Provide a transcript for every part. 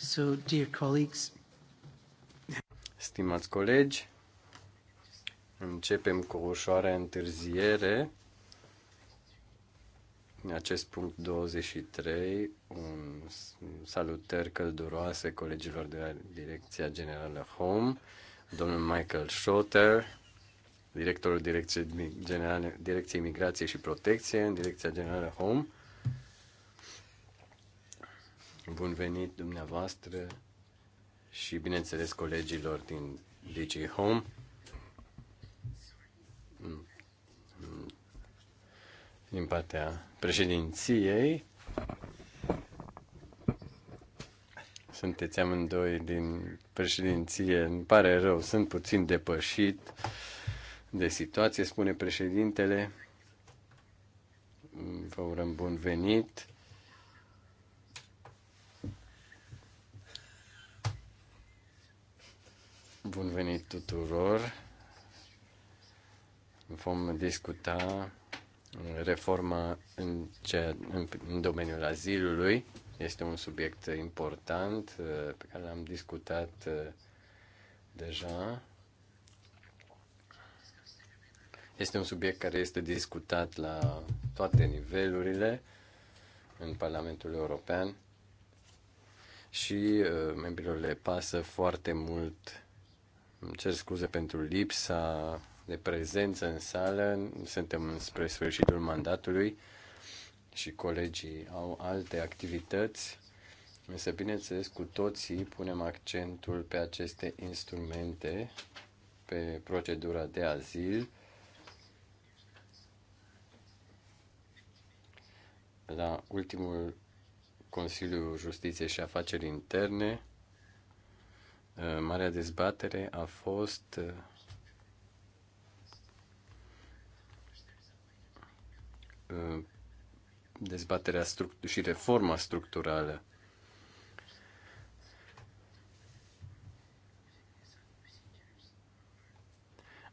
So, dear colleagues. Stimați colegi, începem cu o ușoară întârziere. În acest punct 23, un salutări călduroase colegilor de la Direcția Generală Home, domnul Michael Schotter, directorul Direcției Generale, Direcției Migrație și Protecție în Direcția Generală Home, Bun venit dumneavoastră și, bineînțeles, colegilor din DJ Home. Din partea președinției. Sunteți amândoi din președinție. Îmi pare rău, sunt puțin depășit de situație, spune președintele. Vă urăm bun venit Bun venit tuturor! Vom discuta reforma în, ce, în, în domeniul azilului. Este un subiect important uh, pe care l-am discutat uh, deja. Este un subiect care este discutat la toate nivelurile în Parlamentul European și uh, membrilor le pasă foarte mult îmi cer scuze pentru lipsa de prezență în sală. Suntem spre sfârșitul mandatului și colegii au alte activități. Însă, bineînțeles, cu toții punem accentul pe aceste instrumente, pe procedura de azil, la ultimul Consiliu Justiție și Afaceri Interne Uh, marea dezbatere a fost uh, uh, dezbaterea și reforma structurală.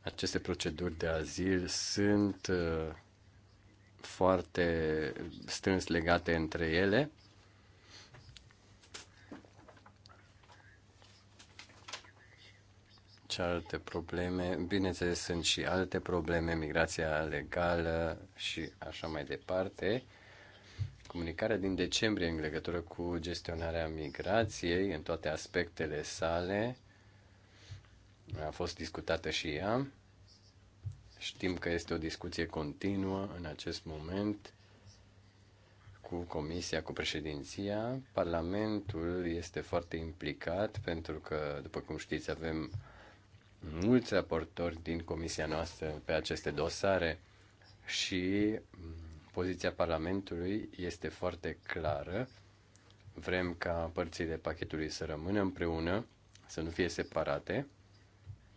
Aceste proceduri de azil sunt foarte strâns legate între ele alte probleme, bineînțeles, sunt și alte probleme, migrația legală și așa mai departe. Comunicarea din decembrie în legătură cu gestionarea migrației în toate aspectele sale a fost discutată și ea. Știm că este o discuție continuă în acest moment cu Comisia, cu președinția. Parlamentul este foarte implicat pentru că, după cum știți, avem mulți raportori din comisia noastră pe aceste dosare și mm, poziția Parlamentului este foarte clară. Vrem ca părțile pachetului să rămână împreună, să nu fie separate.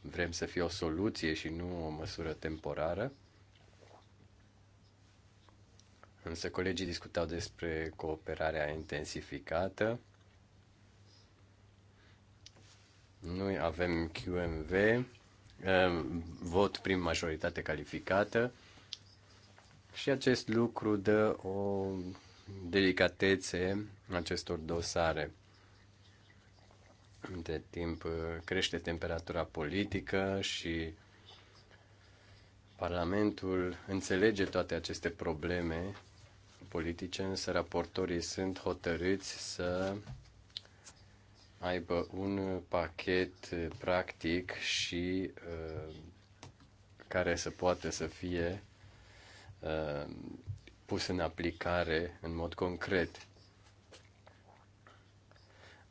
Vrem să fie o soluție și nu o măsură temporară. Însă colegii discutau despre cooperarea intensificată Noi avem QMV, ehm, vot prin majoritate calificată și acest lucru dă o delicatețe acestor dosare. Între timp eh, crește temperatura politică și Parlamentul înțelege toate aceste probleme politice, însă raportorii sunt hotărâți să aibă un pachet eh, practic și uh, care să poată să fie uh, pus în aplicare în mod concret.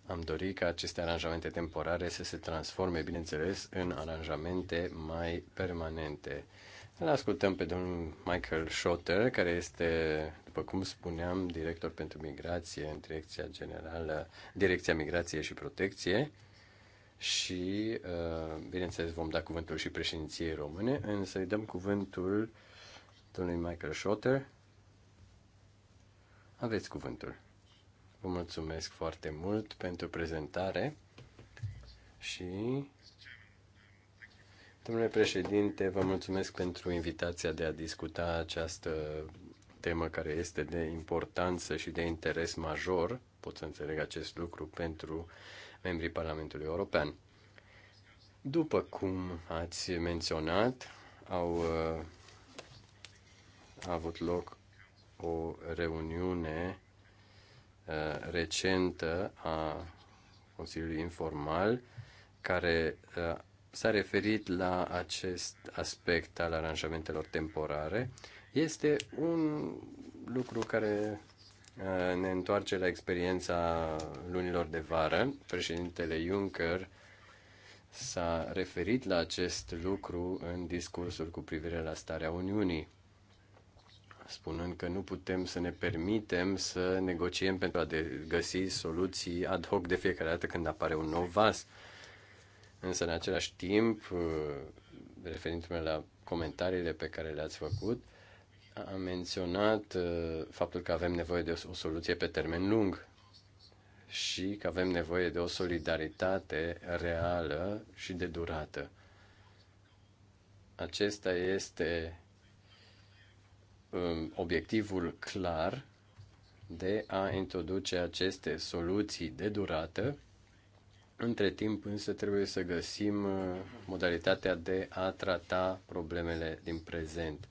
Am dorit ca aceste aranjamente temporare să se transforme, bineînțeles, în aranjamente mai permanente. Îl ascultăm pe domnul Michael Schotter, care este după cum spuneam, director pentru migrație în Direcția Generală, Direcția Migrație și Protecție și, uh, bineînțeles, vom da cuvântul și președinției române, însă îi dăm cuvântul domnului Michael Schotter. Aveți cuvântul. Vă mulțumesc foarte mult pentru prezentare și Domnule președinte, vă mulțumesc pentru invitația de a discuta această temă care este de importanță și de interes major, pot să înțeleg acest lucru pentru membrii Parlamentului European. După cum ați menționat, au uh, a avut loc o reuniune uh, recentă a Consiliului Informal care uh, s-a referit la acest aspect al aranjamentelor temporare este un lucru care uh, ne întoarce la experiența lunilor de vară. Președintele Juncker s-a referit la acest lucru în discursul cu privire la starea Uniunii, spunând că nu putem să ne permitem să negociem pentru a găsi soluții ad hoc de fiecare dată când apare un nou vas. Însă, în același timp, uh, referindu-mă la comentariile pe care le-ați făcut, a menționat uh, faptul că avem nevoie de o soluție pe termen lung și că avem nevoie de o solidaritate reală și de durată. Acesta este um, obiectivul clar de a introduce aceste soluții de durată. Între timp însă trebuie să găsim uh, modalitatea de a trata problemele din prezent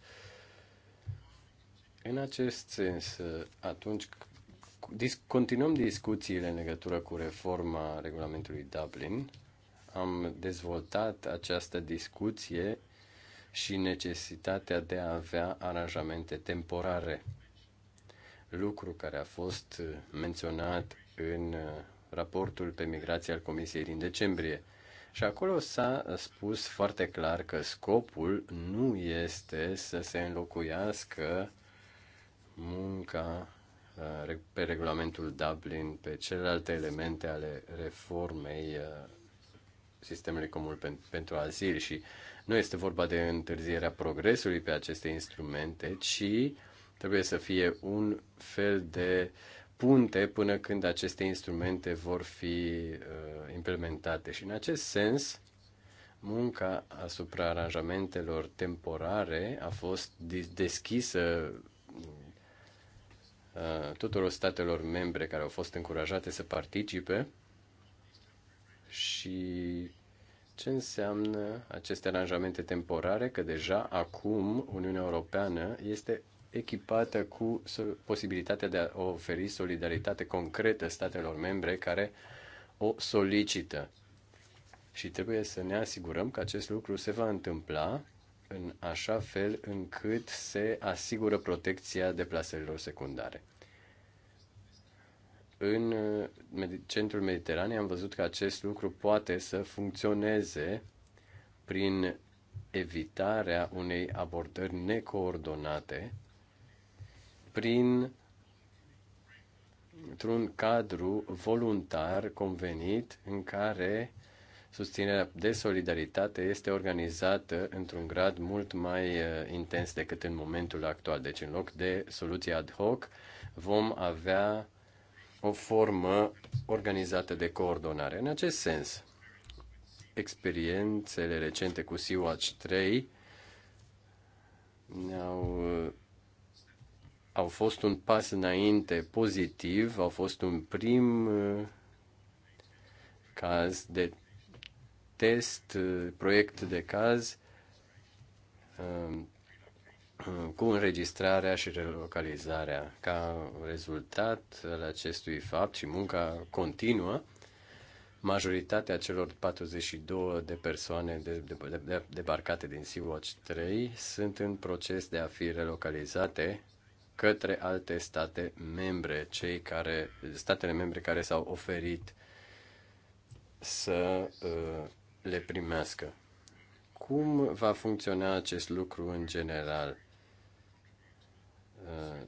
în acest sens, atunci continuăm discuțiile în legătură cu reforma regulamentului Dublin, am dezvoltat această discuție și necesitatea de a avea aranjamente temporare, lucru care a fost menționat în raportul pe migrație al Comisiei din decembrie. Și acolo s-a spus foarte clar că scopul nu este să se înlocuiască uh, munca uh, pe regulamentul Dublin, pe celelalte elemente ale reformei uh, sistemului comun pentru azil și nu este vorba de întârzierea progresului pe aceste instrumente, ci trebuie să fie un fel de punte până când aceste instrumente vor fi uh, implementate. Și în acest sens, munca asupra aranjamentelor temporare a fost deschisă Uh, tuturor statelor membre care au fost încurajate să participe și ce înseamnă aceste aranjamente temporare, că deja acum Uniunea Europeană este echipată cu posibilitatea de a oferi solidaritate concretă statelor membre care o solicită. Și trebuie să ne asigurăm că acest lucru se va întâmpla în așa fel încât se asigură protecția deplasărilor secundare. În uh, centrul Mediteranei am văzut că acest lucru poate să funcționeze prin evitarea unei abordări necoordonate, prin într-un cadru voluntar convenit în care susținerea de solidaritate este organizată într-un grad mult mai uh, intens decât în momentul actual. Deci, în loc de soluții ad hoc, vom avea o formă organizată de coordonare. În acest sens, experiențele recente cu SeaWatch 3 ne-au uh, au fost un pas înainte pozitiv, au fost un prim uh, caz de test, uh, proiect de caz um, uh, cu înregistrarea și relocalizarea. Ca rezultat al acestui fapt și munca continuă, majoritatea celor 42 de persoane de, de, de, debarcate din Sea-Watch 3 sunt în proces de a fi relocalizate către alte state membre, cei care, statele membre care s-au oferit să uh, le primească. Cum va funcționa acest lucru în general? Uh,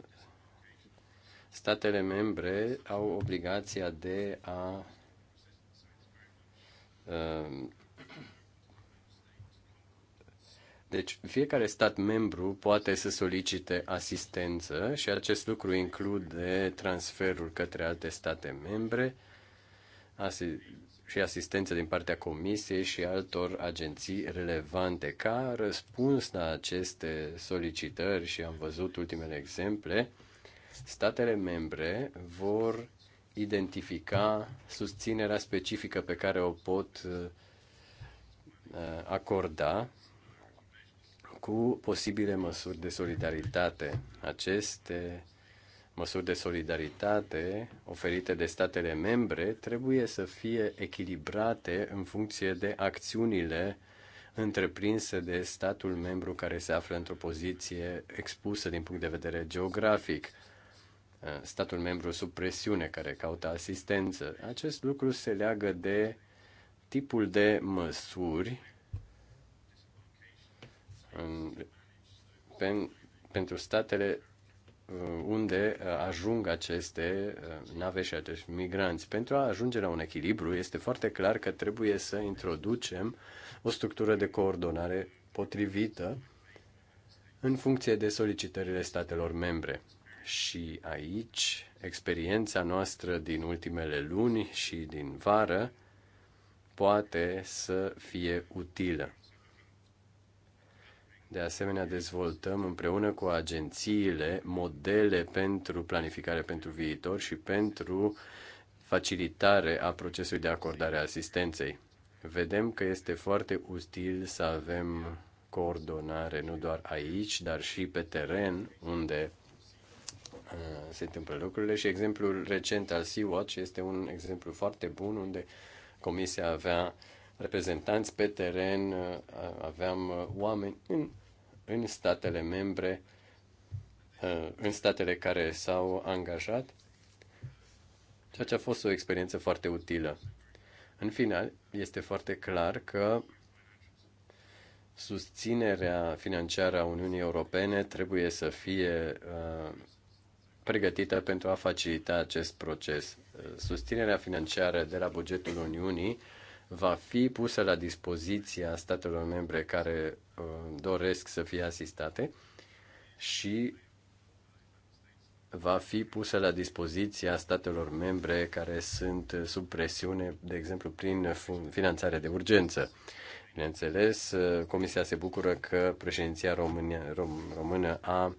statele membre au obligația de a uh, deci fiecare stat membru poate să solicite asistență și acest lucru include transferul către alte state membre, și asistență din partea Comisiei și altor agenții relevante. Ca răspuns la aceste solicitări și am văzut ultimele exemple, statele membre vor identifica susținerea specifică pe care o pot uh, acorda cu posibile măsuri de solidaritate. Aceste măsuri de solidaritate oferite de statele membre trebuie să fie echilibrate în funcție de acțiunile întreprinse de statul membru care se află într-o poziție expusă din punct de vedere geografic, statul membru sub presiune care caută asistență. Acest lucru se leagă de tipul de măsuri în, pen, pentru statele Uh, unde uh, ajung aceste uh, nave și acești migranți. Pentru a ajunge la un echilibru, este foarte clar că trebuie să introducem o structură de coordonare potrivită în funcție de solicitările statelor membre. Și aici, experiența noastră din ultimele luni și din vară poate să fie utilă. De asemenea, dezvoltăm împreună cu agențiile modele pentru planificare pentru viitor și pentru facilitare a procesului de acordare a asistenței. Vedem că este foarte util să avem coordonare nu doar aici, dar și pe teren unde uh, se întâmplă lucrurile și exemplul recent al Sea-Watch este un exemplu foarte bun unde Comisia avea uh, reprezentanți pe teren, uh, aveam uh, oameni în, în statele membre, uh, în statele care s-au angajat, ceea ce a fost o experiență foarte utilă. În final, este foarte clar că susținerea financiară a Uniunii Europene trebuie să fie pregătită pentru a facilita acest proces. Susținerea financiară de la bugetul Uniunii va fi pusă la dispoziția statelor membre care uh, doresc să fie asistate și va fi pusă la dispoziția statelor membre care sunt uh, sub presiune, de exemplu, prin finanțare de urgență. Bineînțeles, uh, Comisia se bucură că președinția românia, rom, română a, a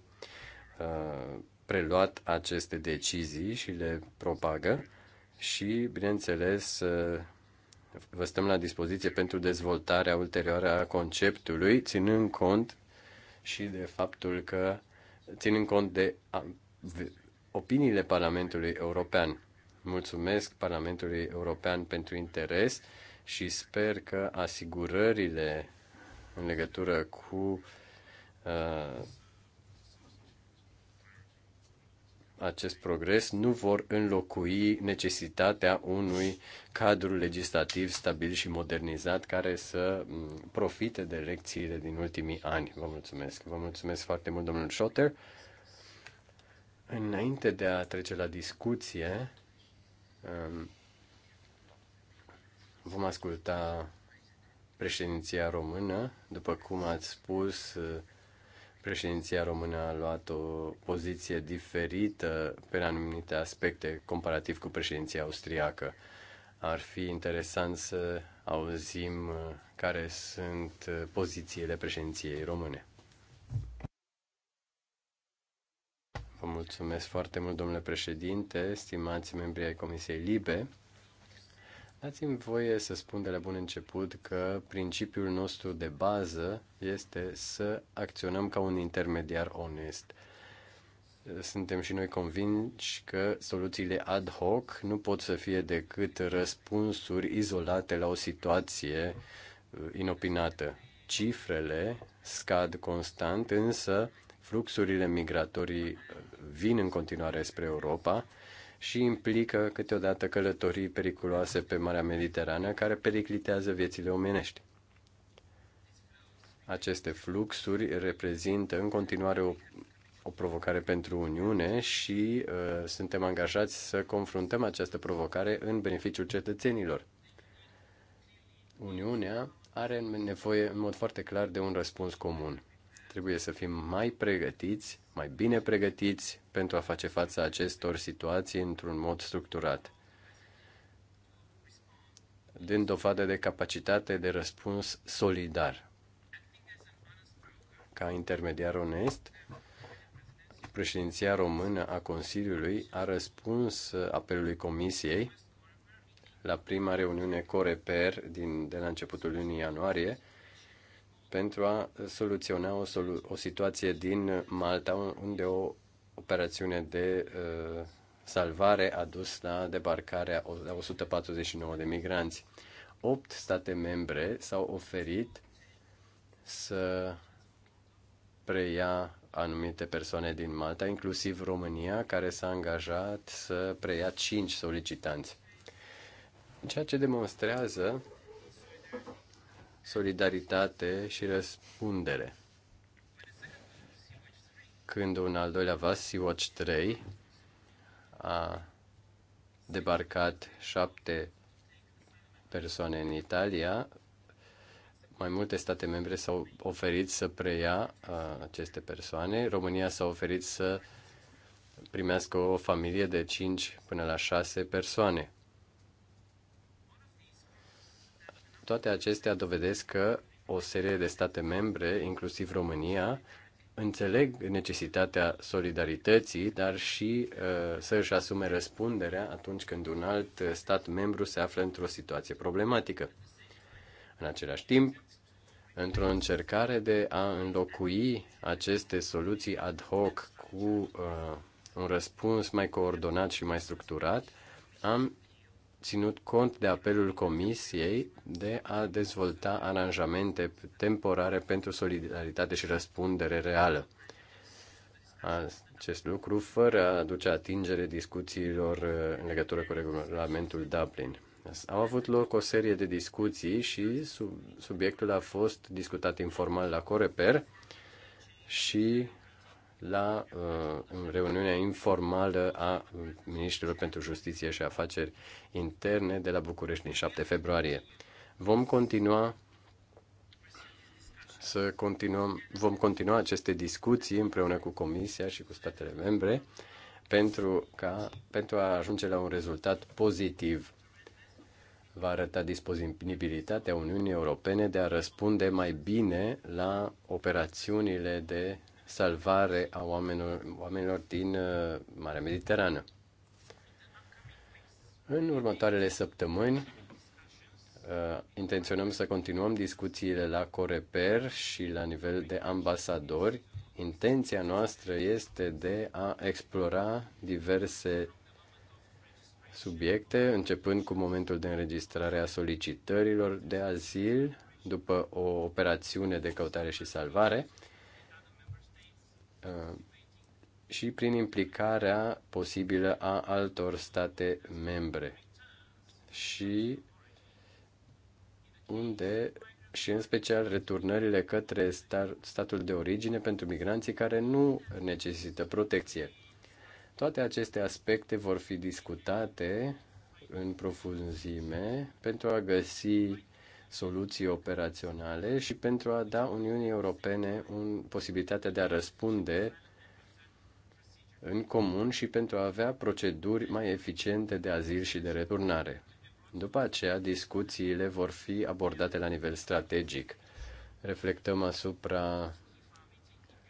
preluat aceste decizii și le propagă și, bineînțeles, a, Vă stăm la dispoziție pentru dezvoltarea ulterioară a conceptului, ținând cont și de faptul că, ținând cont de opiniile Parlamentului European. Mulțumesc Parlamentului European pentru interes și sper că asigurările în legătură cu uh, acest progres nu vor înlocui necesitatea unui cadru legislativ stabil și modernizat care să profite de lecțiile din ultimii ani. Vă mulțumesc. Vă mulțumesc foarte mult, domnul Schotter. Înainte de a trece la discuție, um, vom asculta președinția română. După cum ați spus, Președinția română a luat o poziție diferită pe anumite aspecte comparativ cu președinția austriacă. Ar fi interesant să auzim uh, care sunt uh, pozițiile președinției române. Vă mulțumesc foarte mult, domnule președinte, stimați membri ai Comisiei Libe. Dați-mi voie să spun de la bun început că principiul nostru de bază este să acționăm ca un intermediar onest. Suntem și noi convinși că soluțiile ad hoc nu pot să fie decât răspunsuri izolate la o situație uh, inopinată. Cifrele scad constant, însă fluxurile migratorii uh, vin în continuare spre Europa și implică câteodată călătorii periculoase pe Marea Mediterană care periclitează viețile omenești. Aceste fluxuri reprezintă în continuare o, o provocare pentru Uniune și uh, suntem angajați să confruntăm această provocare în beneficiul cetățenilor. Uniunea are nevoie în mod foarte clar de un răspuns comun. Trebuie să fim mai pregătiți, mai bine pregătiți pentru a face față acestor situații într-un mod structurat, dând dovadă de capacitate de răspuns solidar. Ca intermediar onest, președinția română a Consiliului a răspuns apelului Comisiei la prima reuniune Coreper din, de la începutul lunii ianuarie pentru a soluționa o, solu- o situație din Malta, unde o operațiune de uh, salvare a dus la debarcarea a 149 de migranți. Opt state membre s-au oferit să preia anumite persoane din Malta, inclusiv România, care s-a angajat să preia cinci solicitanți. Ceea ce demonstrează solidaritate și răspundere. Când un al doilea vas, Sea-Watch 3, a debarcat șapte persoane în Italia, mai multe state membre s-au oferit să preia aceste persoane. România s-a oferit să primească o familie de 5 până la 6 persoane. Toate acestea dovedesc că o serie de state membre, inclusiv România, înțeleg necesitatea solidarității, dar și uh, să își asume răspunderea atunci când un alt stat membru se află într-o situație problematică. În același timp, într-o încercare de a înlocui aceste soluții ad hoc cu uh, un răspuns mai coordonat și mai structurat, am ținut cont de apelul Comisiei de a dezvolta aranjamente temporare pentru solidaritate și răspundere reală. Acest lucru fără a aduce atingere discuțiilor uh, în legătură cu regulamentul Dublin. Au avut loc o serie de discuții și sub, subiectul a fost discutat informal la Coreper și la uh, reuniunea informală a ministrilor pentru justiție și afaceri interne de la București din 7 februarie. Vom continua să continuăm, vom continua aceste discuții împreună cu Comisia și cu statele membre pentru, ca, pentru a ajunge la un rezultat pozitiv. Va arăta disponibilitatea Uniunii Europene de a răspunde mai bine la operațiunile de salvare a oamenilor, oamenilor din uh, Marea Mediterană. În următoarele săptămâni uh, intenționăm să continuăm discuțiile la Coreper și la nivel de ambasadori. Intenția noastră este de a explora diverse subiecte, începând cu momentul de înregistrare a solicitărilor de azil după o operațiune de căutare și salvare Uh, și prin implicarea posibilă a altor state membre și unde și în special returnările către statul de origine pentru migranții care nu necesită protecție. Toate aceste aspecte vor fi discutate în profunzime pentru a găsi soluții operaționale și pentru a da Uniunii Europene un, posibilitatea de a răspunde în comun și pentru a avea proceduri mai eficiente de azil și de returnare. După aceea, discuțiile vor fi abordate la nivel strategic. Reflectăm asupra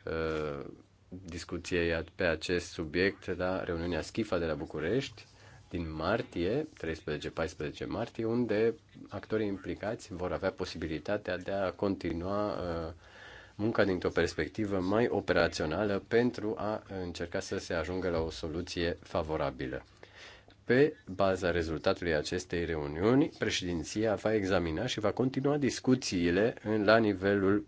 uh, discuției pe acest subiect la reuniunea Schifa de la București din martie, 13-14 martie, unde actorii implicați vor avea posibilitatea de a continua uh, munca dintr-o perspectivă mai operațională pentru a încerca să se ajungă la o soluție favorabilă. Pe baza rezultatului acestei reuniuni, președinția va examina și va continua discuțiile la nivelul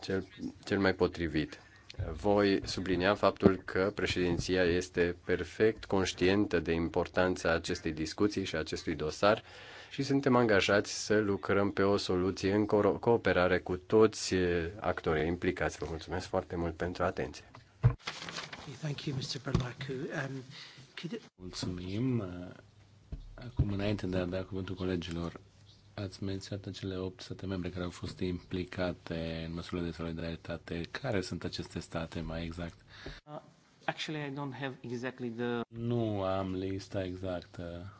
cel, cel mai potrivit voi sublinia faptul că președinția este perfect conștientă de importanța acestei discuții și acestui dosar și suntem angajați să lucrăm pe o soluție în cooperare cu toți eh, actorii implicați. Vă mulțumesc foarte mult pentru atenție. Thank you, Mr. Berlacu. Um, could... Mulțumim. Acum, înainte de a da cuvântul colegilor, Ați menționat cele 8 state membre care au fost implicate în măsurile de solidaritate. Care sunt aceste state mai exact? Uh, actually, I don't have exactly the... Nu am lista exactă.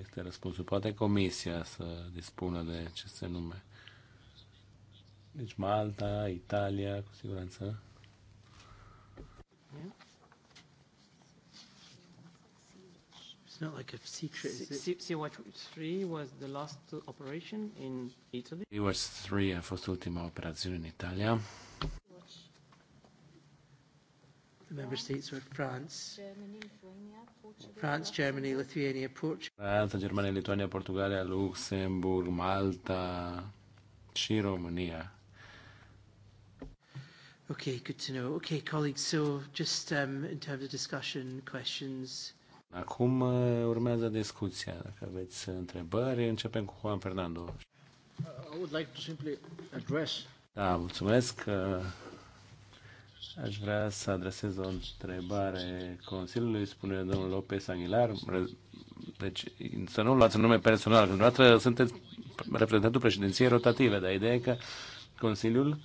Este răspunsul. Poate comisia să dispună de aceste nume. Deci Malta, Italia, cu siguranță. Yeah. not like a secret. Sea-Watch 3 was the last operation in Italy. sea was 3 a fost ultima operațiune în Italia. The member states were France, France, Germany, Lithuania, Portugal. France, Germania, Lituania, Portugalia, Luxemburg, Malta și România. Okay, good to know. Okay, colleagues, so just um, in terms of discussion, questions, Acum uh, urmează discuția. Dacă aveți întrebări, începem cu Juan Fernando. Uh, I would like to simply address... Da, mulțumesc. Uh, aș vrea să adresez o întrebare Consiliului, spune domnul Lopez Aguilar. Deci, să nu luați un nume personal, că dumneavoastră sunteți reprezentantul președinției rotative, dar ideea e că Consiliul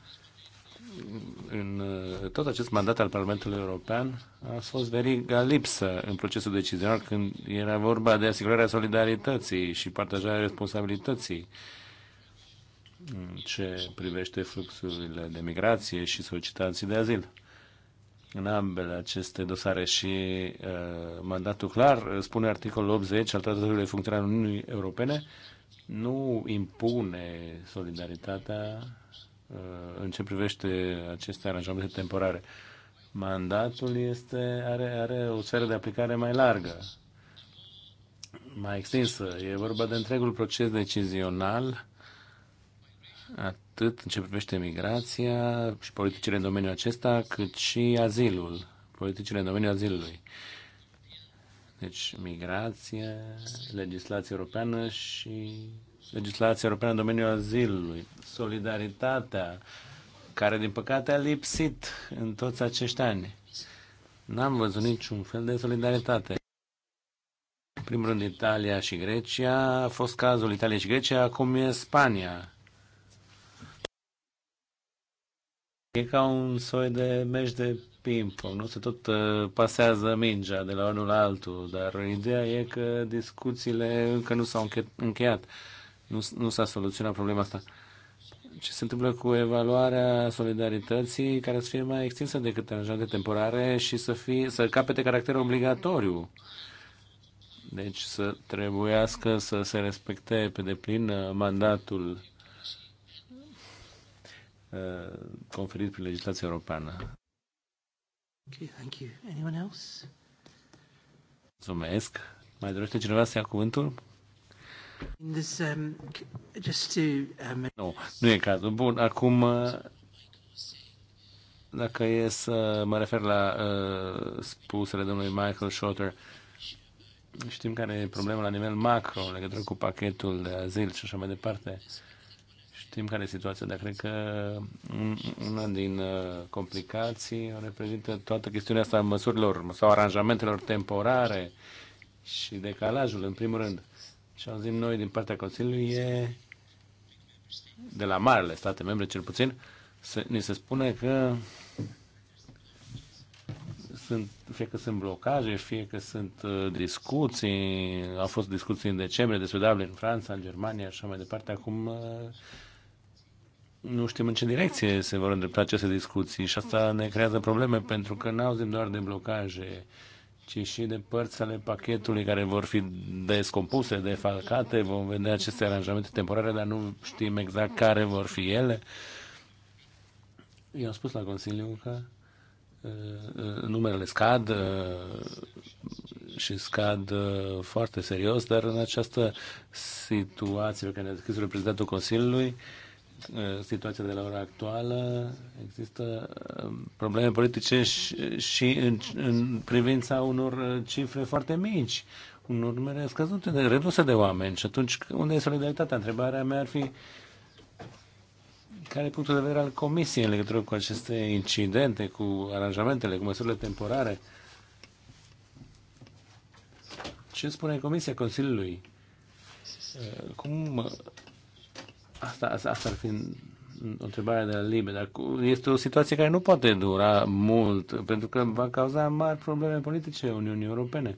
în uh, tot acest mandat al Parlamentului European a fost veriga lipsă în procesul decizional când era vorba de asigurarea solidarității și partajarea responsabilității în ce privește fluxurile de migrație și solicitații de azil. În ambele aceste dosare și uh, mandatul clar, uh, spune articolul 80 al Tratatului de Funcționare al Uniunii Europene, nu impune solidaritatea Uh, în ce privește aceste aranjamente temporare. Mandatul este, are, are o sferă de aplicare mai largă, mai extinsă. E vorba de întregul proces decizional, atât în ce privește migrația și politicile în domeniul acesta, cât și azilul, politicile în domeniul azilului. Deci migrație, legislație europeană și legislația europeană în domeniul azilului, solidaritatea, care din păcate a lipsit în toți acești ani. N-am văzut niciun fel de solidaritate. În primul rând Italia și Grecia, a fost cazul Italia și Grecia, acum e Spania. E ca un soi de meci de ping-pong, nu? Se tot uh, pasează mingea de la unul la altul, dar ideea e că discuțiile încă nu s-au încheiat nu, nu s-a soluționat problema asta. Ce se întâmplă cu evaluarea solidarității care să fie mai extinsă decât aranjamente temporare și să, fie, să capete caracter obligatoriu? Deci să trebuiască să se respecte pe deplin uh, mandatul uh, conferit prin legislația europeană. Okay, thank you. Anyone else? Mulțumesc. Mai dorește cineva să ia cuvântul? Um, um, nu, nu e cazul. Bun, acum uh, dacă e să mă refer la uh, spusele domnului Michael Schotter, știm care e problema la nivel macro legătură cu pachetul de azil și așa mai departe. Știm care e situația, dar cred că mm, una din uh, complicații o reprezintă toată chestiunea asta a măsurilor sau aranjamentelor temporare și decalajul, în primul rând și auzim noi din partea Consiliului e de la marile state membre, cel puțin, se, ni se spune că sunt, fie că sunt blocaje, fie că sunt uh, discuții, au fost discuții în decembrie despre Dublin în Franța, în Germania și așa mai departe. Acum uh, nu știm în ce direcție se vor îndrepta aceste discuții și asta ne creează probleme pentru că nu auzim doar de blocaje uh, ci și de părțile pachetului care vor fi descompuse, defalcate. Vom vedea aceste aranjamente temporare, dar nu știm exact care vor fi ele. Eu am spus la Consiliu că uh, uh, numerele scad uh, și scad foarte serios, dar în această situație pe care ne-a descris reprezentantul Consiliului, Uh, situația de la ora actuală, există uh, probleme politice și, și în, în privința unor uh, cifre foarte mici, un numere scăzut, de, reduse de oameni. Și atunci, unde e solidaritatea? Întrebarea mea ar fi care e punctul de vedere al Comisiei în legătură cu aceste incidente, cu aranjamentele, cu măsurile temporare? Ce spune Comisia Consiliului? Cum Asta, asta, asta ar fi o întrebare de la Libe, dar este o situație care nu poate dura mult, pentru că va cauza mari probleme politice Uniunii Europene.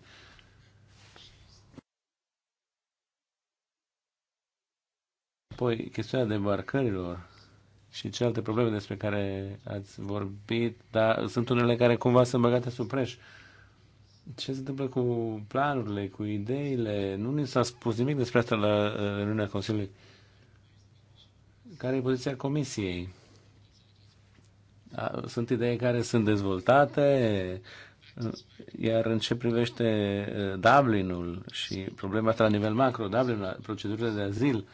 Apoi, chestiunea debarcărilor și celelalte probleme despre care ați vorbit, dar sunt unele care cumva sunt băgate sub preș. Ce se întâmplă cu planurile, cu ideile? Nu ni s-a spus nimic despre asta la uh, reuniunea Consiliului care e poziția Comisiei? Da, sunt idei care sunt dezvoltate, iar în ce privește uh, Dublinul și problema asta la nivel macro, Dublin, procedurile de azil,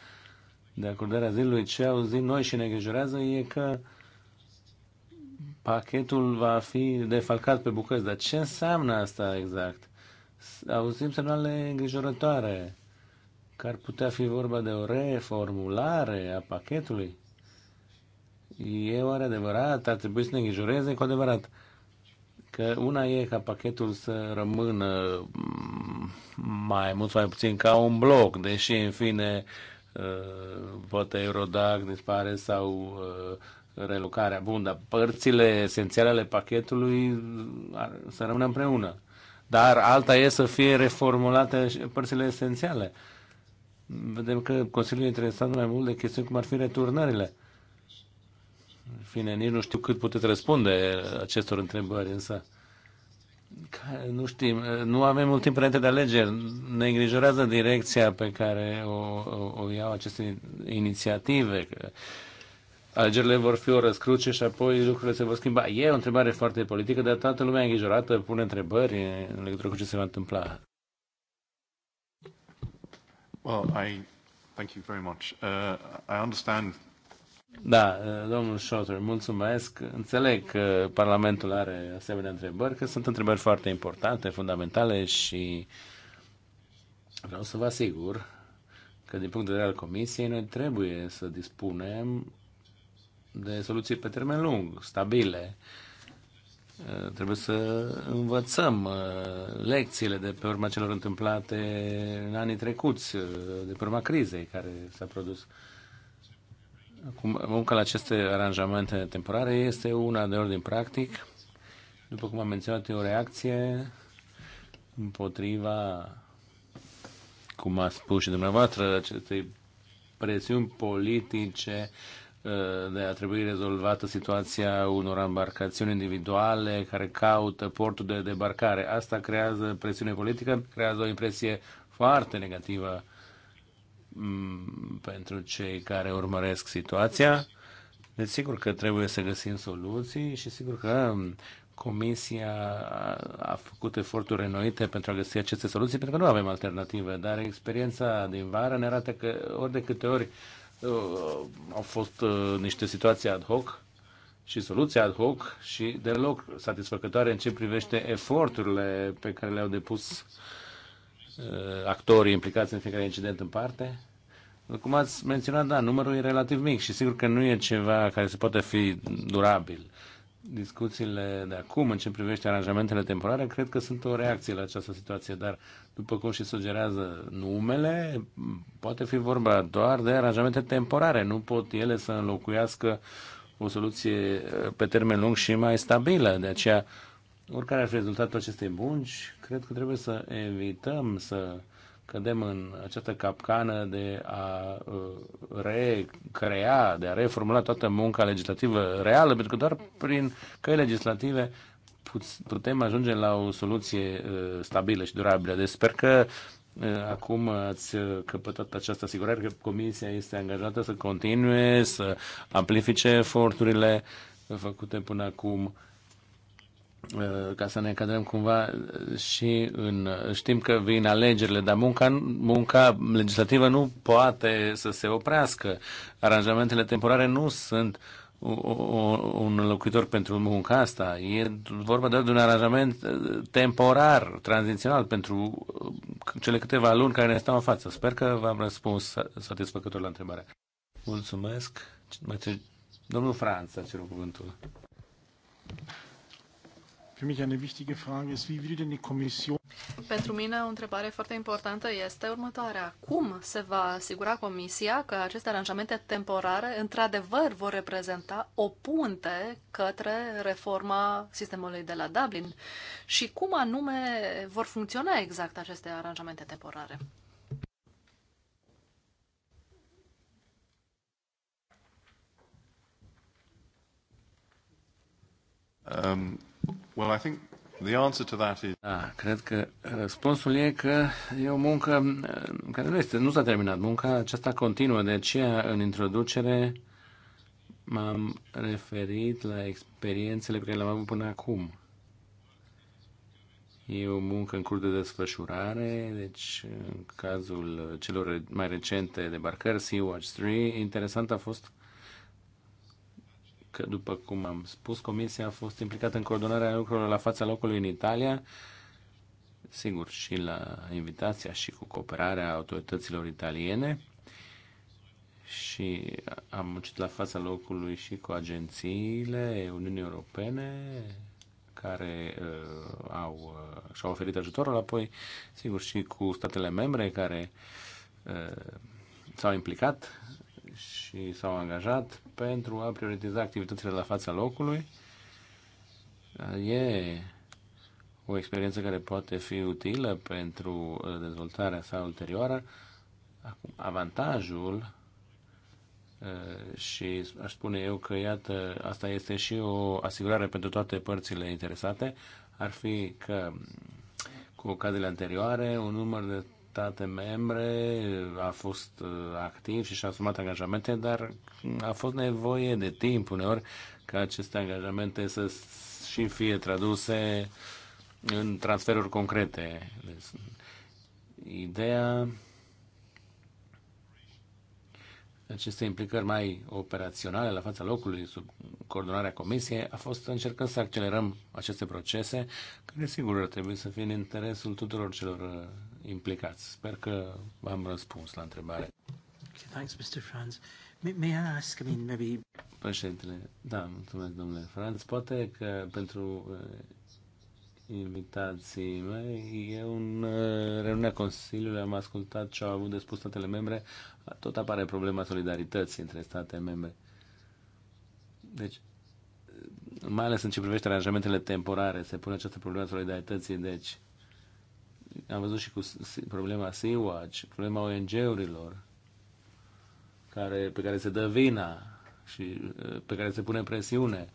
de acordarea azilului, ce auzim noi și ne îngrijorează e că pachetul va fi defalcat pe bucăți. Dar ce înseamnă asta exact? Auzim semnale îngrijorătoare că ar putea fi vorba de o reformulare a pachetului? E oare adevărat? Ar trebui să ne îngrijoreze cu adevărat că una e ca pachetul să rămână mm, mai mult sau mai puțin ca un bloc, deși, în fine, uh, poate Eurodac dispare sau uh, relucarea. Bun, dar părțile esențiale ale pachetului uh, să rămână împreună. Dar alta e să fie reformulate părțile esențiale vedem că Consiliul e interesat mai mult de chestiuni cum ar fi returnările. În fine, nici nu știu cât puteți răspunde acestor întrebări, însă nu știm, nu avem mult timp înainte de alegeri. Ne îngrijorează direcția pe care o, o, o iau aceste inițiative. Alegerile vor fi o răscruce și apoi lucrurile se vor schimba. E o întrebare foarte politică, dar toată lumea îngrijorată pune întrebări în legătură cu ce se va întâmpla. Well, I thank you very much. Uh, I understand da, uh, domnul Schotter, mulțumesc. Înțeleg că Parlamentul are asemenea întrebări, că sunt întrebări foarte importante, fundamentale și vreau să vă asigur că din punct de vedere al Comisiei noi trebuie să dispunem de soluții pe termen lung, stabile, uh, Eh, trebuie să învățăm eh, lecțiile de pe urma celor întâmplate în anii trecuți, eh, de pe urma crizei care s-a produs. Acum, munca la aceste aranjamente temporare este una de ordin practic. După cum am menționat, e o reacție împotriva, cum a spus și dumneavoastră, acestei presiuni politice Uh, de a trebui rezolvată situația unor embarcațiuni individuale care caută portul de debarcare. Asta creează presiune politică, creează o impresie foarte negativă mm, pentru cei care urmăresc situația. Deci sigur că trebuie să găsim soluții și sigur că mm, Comisia a făcut eforturi renoite pentru a găsi aceste soluții, pentru că nu avem alternative, dar experiența din vară ne arată că ori de câte ori Uh, au fost uh, niște situații ad hoc și soluții ad hoc și deloc satisfăcătoare în ce privește eforturile pe care le-au depus uh, actorii implicați în fiecare incident în parte. Cum ați menționat, da, numărul e relativ mic și sigur că nu e ceva care se poate fi durabil discuțiile de acum în ce privește aranjamentele temporare, cred că sunt o reacție la această situație, dar după cum și sugerează numele, poate fi vorba doar de aranjamente temporare, nu pot ele să înlocuiască o soluție uh, pe termen lung și mai stabilă. De aceea, oricare ar fi rezultatul acestei bunci, cred că trebuie să evităm să cădem în această capcană de a uh, recrea, de a reformula toată munca legislativă reală, pentru că doar prin căi legislative putem ajunge la o soluție uh, stabilă și durabilă. Deci sper că uh, Acum ați căpătat această asigurare că Comisia este angajată să continue, să amplifice eforturile făcute până acum Eh, ca să ne încadrăm cumva eh, și în... Eh, știm că vin alegerile, dar munca, munca legislativă nu poate să se oprească. Aranjamentele temporare nu sunt un locuitor pentru munca asta. E vorba doar de un aranjament temporar, tranzițional, pentru cele câteva luni care ne stau în față. Sper că v-am răspuns satisfăcător la întrebare. Mulțumesc. Domnul Franța, cer cuvântul. Pentru mine o întrebare foarte importantă este următoarea. Cum se va asigura Comisia că aceste aranjamente temporare într-adevăr vor reprezenta o punte către reforma sistemului de la Dublin? Și cum anume vor funcționa exact aceste aranjamente temporare? Um, Well, I think the answer to that is... Da, cred că răspunsul e că e o muncă uh, care nu, este, nu s-a terminat. Munca aceasta continuă, de aceea în introducere m-am referit la experiențele pe care le-am avut până acum. E o muncă în curs de desfășurare, deci în cazul celor mai recente debarcări, Sea Watch 3, interesant a fost că, după cum am spus, Comisia a fost implicată în coordonarea lucrurilor la fața locului în Italia, sigur, și la invitația și cu cooperarea autorităților italiene și am muncit la fața locului și cu agențiile Uniunii Europene care uh, au, uh, și-au oferit ajutorul, apoi, sigur, și cu statele membre care uh, s-au implicat și s-au angajat pentru a prioritiza activitățile la fața locului. E o experiență care poate fi utilă pentru uh, dezvoltarea sa ulterioară. Acum, avantajul uh, și aș spune eu că, iată, asta este și o asigurare pentru toate părțile interesate, ar fi că cu ocaziile anterioare, un număr de state membre, a fost uh, activ și și-a asumat angajamente, dar a fost nevoie de timp uneori ca aceste angajamente să și fie traduse în transferuri concrete. Deci, ideea aceste implicări mai operaționale la fața locului, sub coordonarea comisiei, a fost să încercăm să accelerăm aceste procese, care sigur ar trebui să fie în interesul tuturor celor uh, implicați. Sper că am răspuns la întrebare. Okay, thanks, Mr. Franz. May, may I ask, I mean, maybe... Președintele, da, mulțumesc, domnule Franz. Poate că pentru uh, invitații mei. E un uh, reuniunea Consiliului am ascultat ce au avut de spus statele membre. Tot apare problema solidarității între state membre. Deci, mai ales în ce privește aranjamentele temporare, se pune această problemă a solidarității. Deci, am văzut și cu problema Sea-Watch, problema ONG-urilor, care, pe care se dă vina și uh, pe care se pune presiune.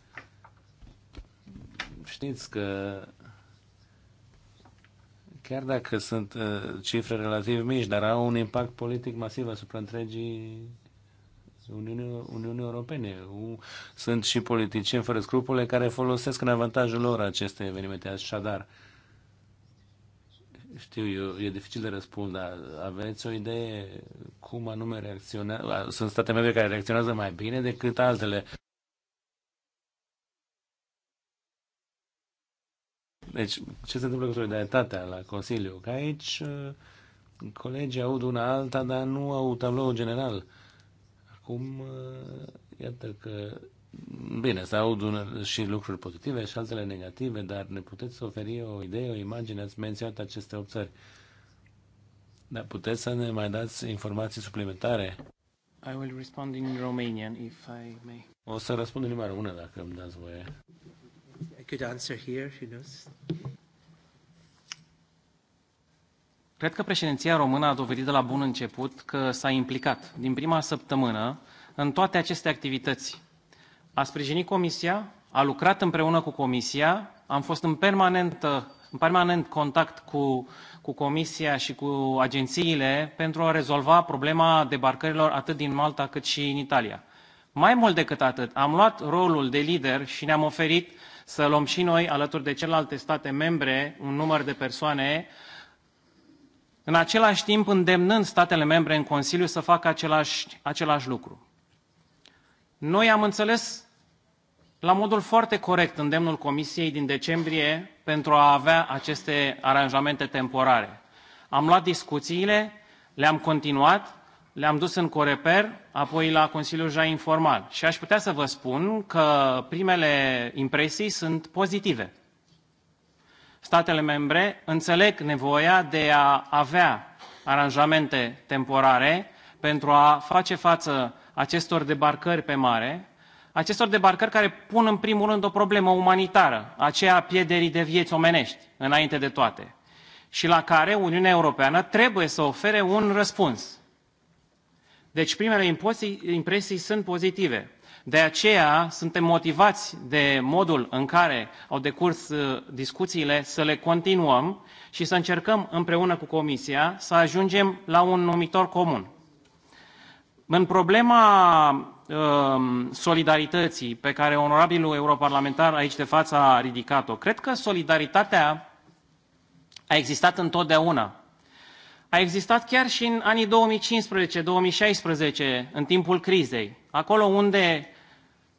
Știți că chiar dacă sunt uh, cifre relativ mici, dar au un impact politic masiv asupra întregii Uniunii, Uniunii Europene. Sunt și politicieni fără scrupule care folosesc în avantajul lor aceste evenimente. Așadar, știu eu, e dificil de răspund, dar aveți o idee cum anume reacționează? Sunt state membre care reacționează mai bine decât altele. Deci, ce se întâmplă cu solidaritatea la Consiliu? Că aici uh, colegii aud una alta, dar nu au tabloul general. Acum, uh, iată că Bine, să aud un, și lucruri pozitive și altele negative, dar ne puteți oferi o idee, o imagine? Ați menționat aceste opțări. Dar puteți să ne mai dați informații suplimentare? I will respond in Romanian, if I may. O să răspund în limba română, dacă îmi dați voie could answer here, who knows? Cred că președinția română a dovedit de la bun început că s-a implicat din prima săptămână în toate aceste activități. A sprijinit comisia, a lucrat împreună cu comisia, am fost în permanent, în permanent contact cu, cu comisia și cu agențiile pentru a rezolva problema debarcărilor atât din Malta cât și în Italia. Mai mult decât atât, am luat rolul de lider și ne-am oferit să luăm și noi, alături de celelalte state membre, un număr de persoane, în același timp îndemnând statele membre în Consiliu să facă același, același lucru. Noi am înțeles la modul foarte corect îndemnul Comisiei din decembrie pentru a avea aceste aranjamente temporare. Am luat discuțiile, le-am continuat le-am dus în Coreper, apoi la Consiliul Jai Informal. Și aș putea să vă spun că primele impresii sunt pozitive. Statele membre înțeleg nevoia de a avea aranjamente temporare pentru a face față acestor debarcări pe mare, acestor debarcări care pun în primul rând o problemă umanitară, aceea a pierderii de vieți omenești, înainte de toate, și la care Uniunea Europeană trebuie să ofere un răspuns deci primele impresii, sunt pozitive. De aceea suntem motivați de modul în care au decurs uh, discuțiile să le continuăm și să încercăm împreună cu Comisia să ajungem la un numitor comun. În problema um, solidarității pe care onorabilul europarlamentar aici de față a ridicat-o, cred că solidaritatea a existat întotdeauna a existat chiar și în anii 2015-2016, în timpul crizei, acolo unde,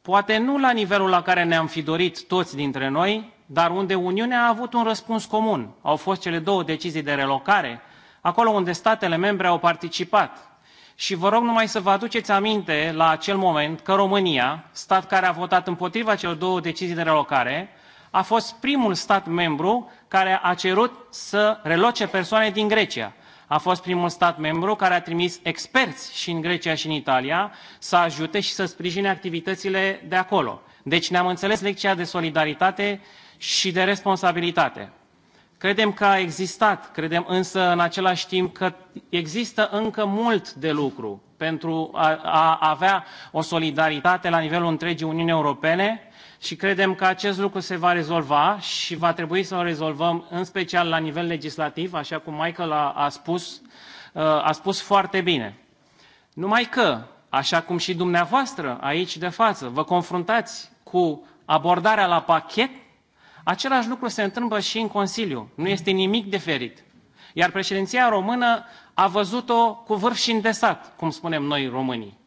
poate nu la nivelul la care ne-am fi dorit toți dintre noi, dar unde Uniunea a avut un răspuns comun. Au fost cele două decizii de relocare, acolo unde statele membre au participat. Și vă rog numai să vă aduceți aminte la acel moment că România, stat care a votat împotriva celor două decizii de relocare, a fost primul stat membru care a cerut să reloce persoane din Grecia a fost primul stat membru care a trimis experți și în Grecia și în Italia să ajute și să sprijine activitățile de acolo. Deci ne-am înțeles lecția de solidaritate și de responsabilitate. Credem că a existat, credem însă în același timp că există încă mult de lucru pentru a, a avea o solidaritate la nivelul întregii Uniuni Europene și credem că acest lucru se va rezolva și va trebui să o rezolvăm în special la nivel legislativ, așa cum Michael a, a spus, uh, a spus foarte bine. Numai că, așa cum și dumneavoastră aici de față vă confruntați cu abordarea la pachet, același lucru se întâmplă și în Consiliu. Nu este nimic diferit. Iar președinția română a văzut-o cu vârf și îndesat, cum spunem noi românii.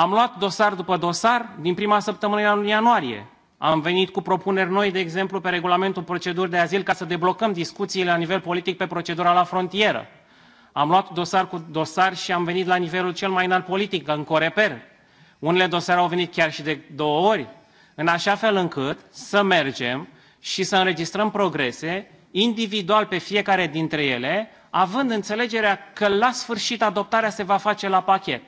Am luat dosar după dosar din prima săptămână ianuarie. Am venit cu propuneri noi, de exemplu, pe regulamentul procedurii de azil ca să deblocăm discuțiile la nivel politic pe procedura la frontieră. Am luat dosar cu dosar și am venit la nivelul cel mai înalt politic, în Coreper. Unele dosare au venit chiar și de două ori, în așa fel încât să mergem și să înregistrăm progrese individual pe fiecare dintre ele, având înțelegerea că la sfârșit adoptarea se va face la pachet.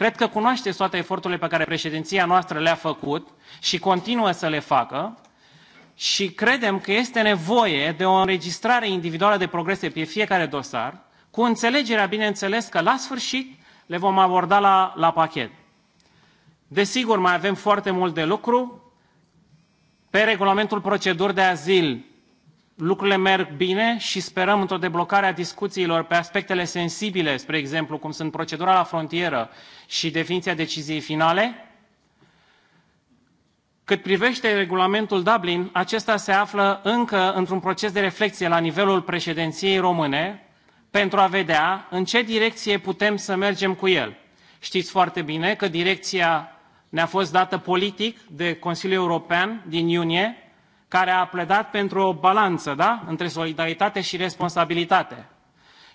Cred că cunoașteți toate eforturile pe care președinția noastră le-a făcut și continuă să le facă și credem că este nevoie de o înregistrare individuală de progrese pe fiecare dosar, cu înțelegerea, bineînțeles, că la sfârșit le vom aborda la, la pachet. Desigur, mai avem foarte mult de lucru. Pe regulamentul procedur de azil lucrurile merg bine și sperăm într-o deblocare a discuțiilor pe aspectele sensibile, spre exemplu, cum sunt procedura la frontieră și definiția deciziei finale. Cât privește regulamentul Dublin, acesta se află încă într-un proces de reflexie la nivelul președinției române pentru a vedea în ce direcție putem să mergem cu el. Știți foarte bine că direcția ne-a fost dată politic de Consiliul European din iunie, care a pledat pentru o balanță, da? Între solidaritate și responsabilitate.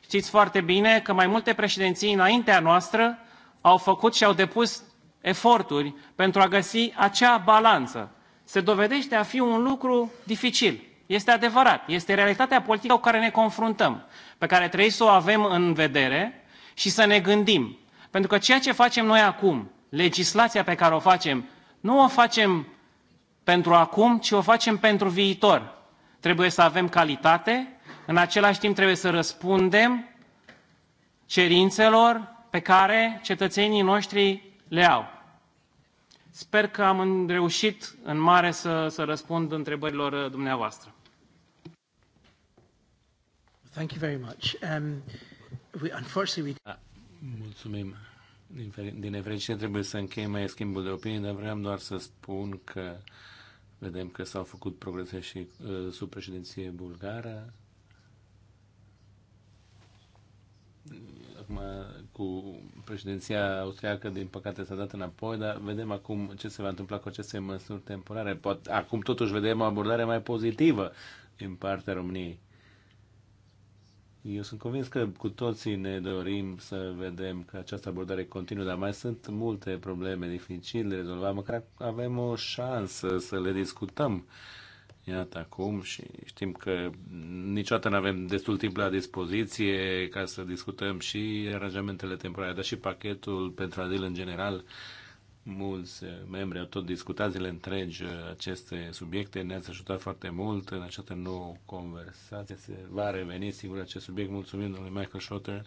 Știți foarte bine că mai multe președinții înaintea noastră au făcut și au depus eforturi pentru a găsi acea balanță. Se dovedește a fi un lucru dificil. Este adevărat, este realitatea politică cu care ne confruntăm, pe care trebuie să o avem în vedere și să ne gândim. Pentru că ceea ce facem noi acum, legislația pe care o facem, nu o facem pentru acum, ci o facem pentru viitor. Trebuie să avem calitate, în același timp trebuie să răspundem cerințelor pe care cetățenii noștri le au. Sper că am reușit în mare să, să răspund întrebărilor uh, dumneavoastră. Thank you very much. Um, we, unfortunately we... Da. Mulțumim. Din, din nefericire trebuie să încheiem mai schimbul de opinie, dar vreau doar să spun că Vedem că s-au făcut progrese și uh, sub președinție bulgară. Acum, cu președinția austriacă, din păcate, s-a dat înapoi, dar vedem acum ce se va întâmpla cu aceste măsuri temporare. Poate, acum, totuși, vedem o abordare mai pozitivă din partea României eu sunt convins că cu toții ne dorim să vedem că această abordare continuă, dar mai sunt multe probleme dificile de rezolvat. Măcar avem o șansă să le discutăm. Iată acum și știm că niciodată nu avem destul timp la dispoziție ca să discutăm și aranjamentele temporare, dar și pachetul pentru adil în general mulți eh, membri au tot discutat zile întregi eh, aceste subiecte, ne-ați ajutat foarte mult în această nouă conversație. Se va reveni sigur acest subiect. Mulțumim domnului Michael Schotter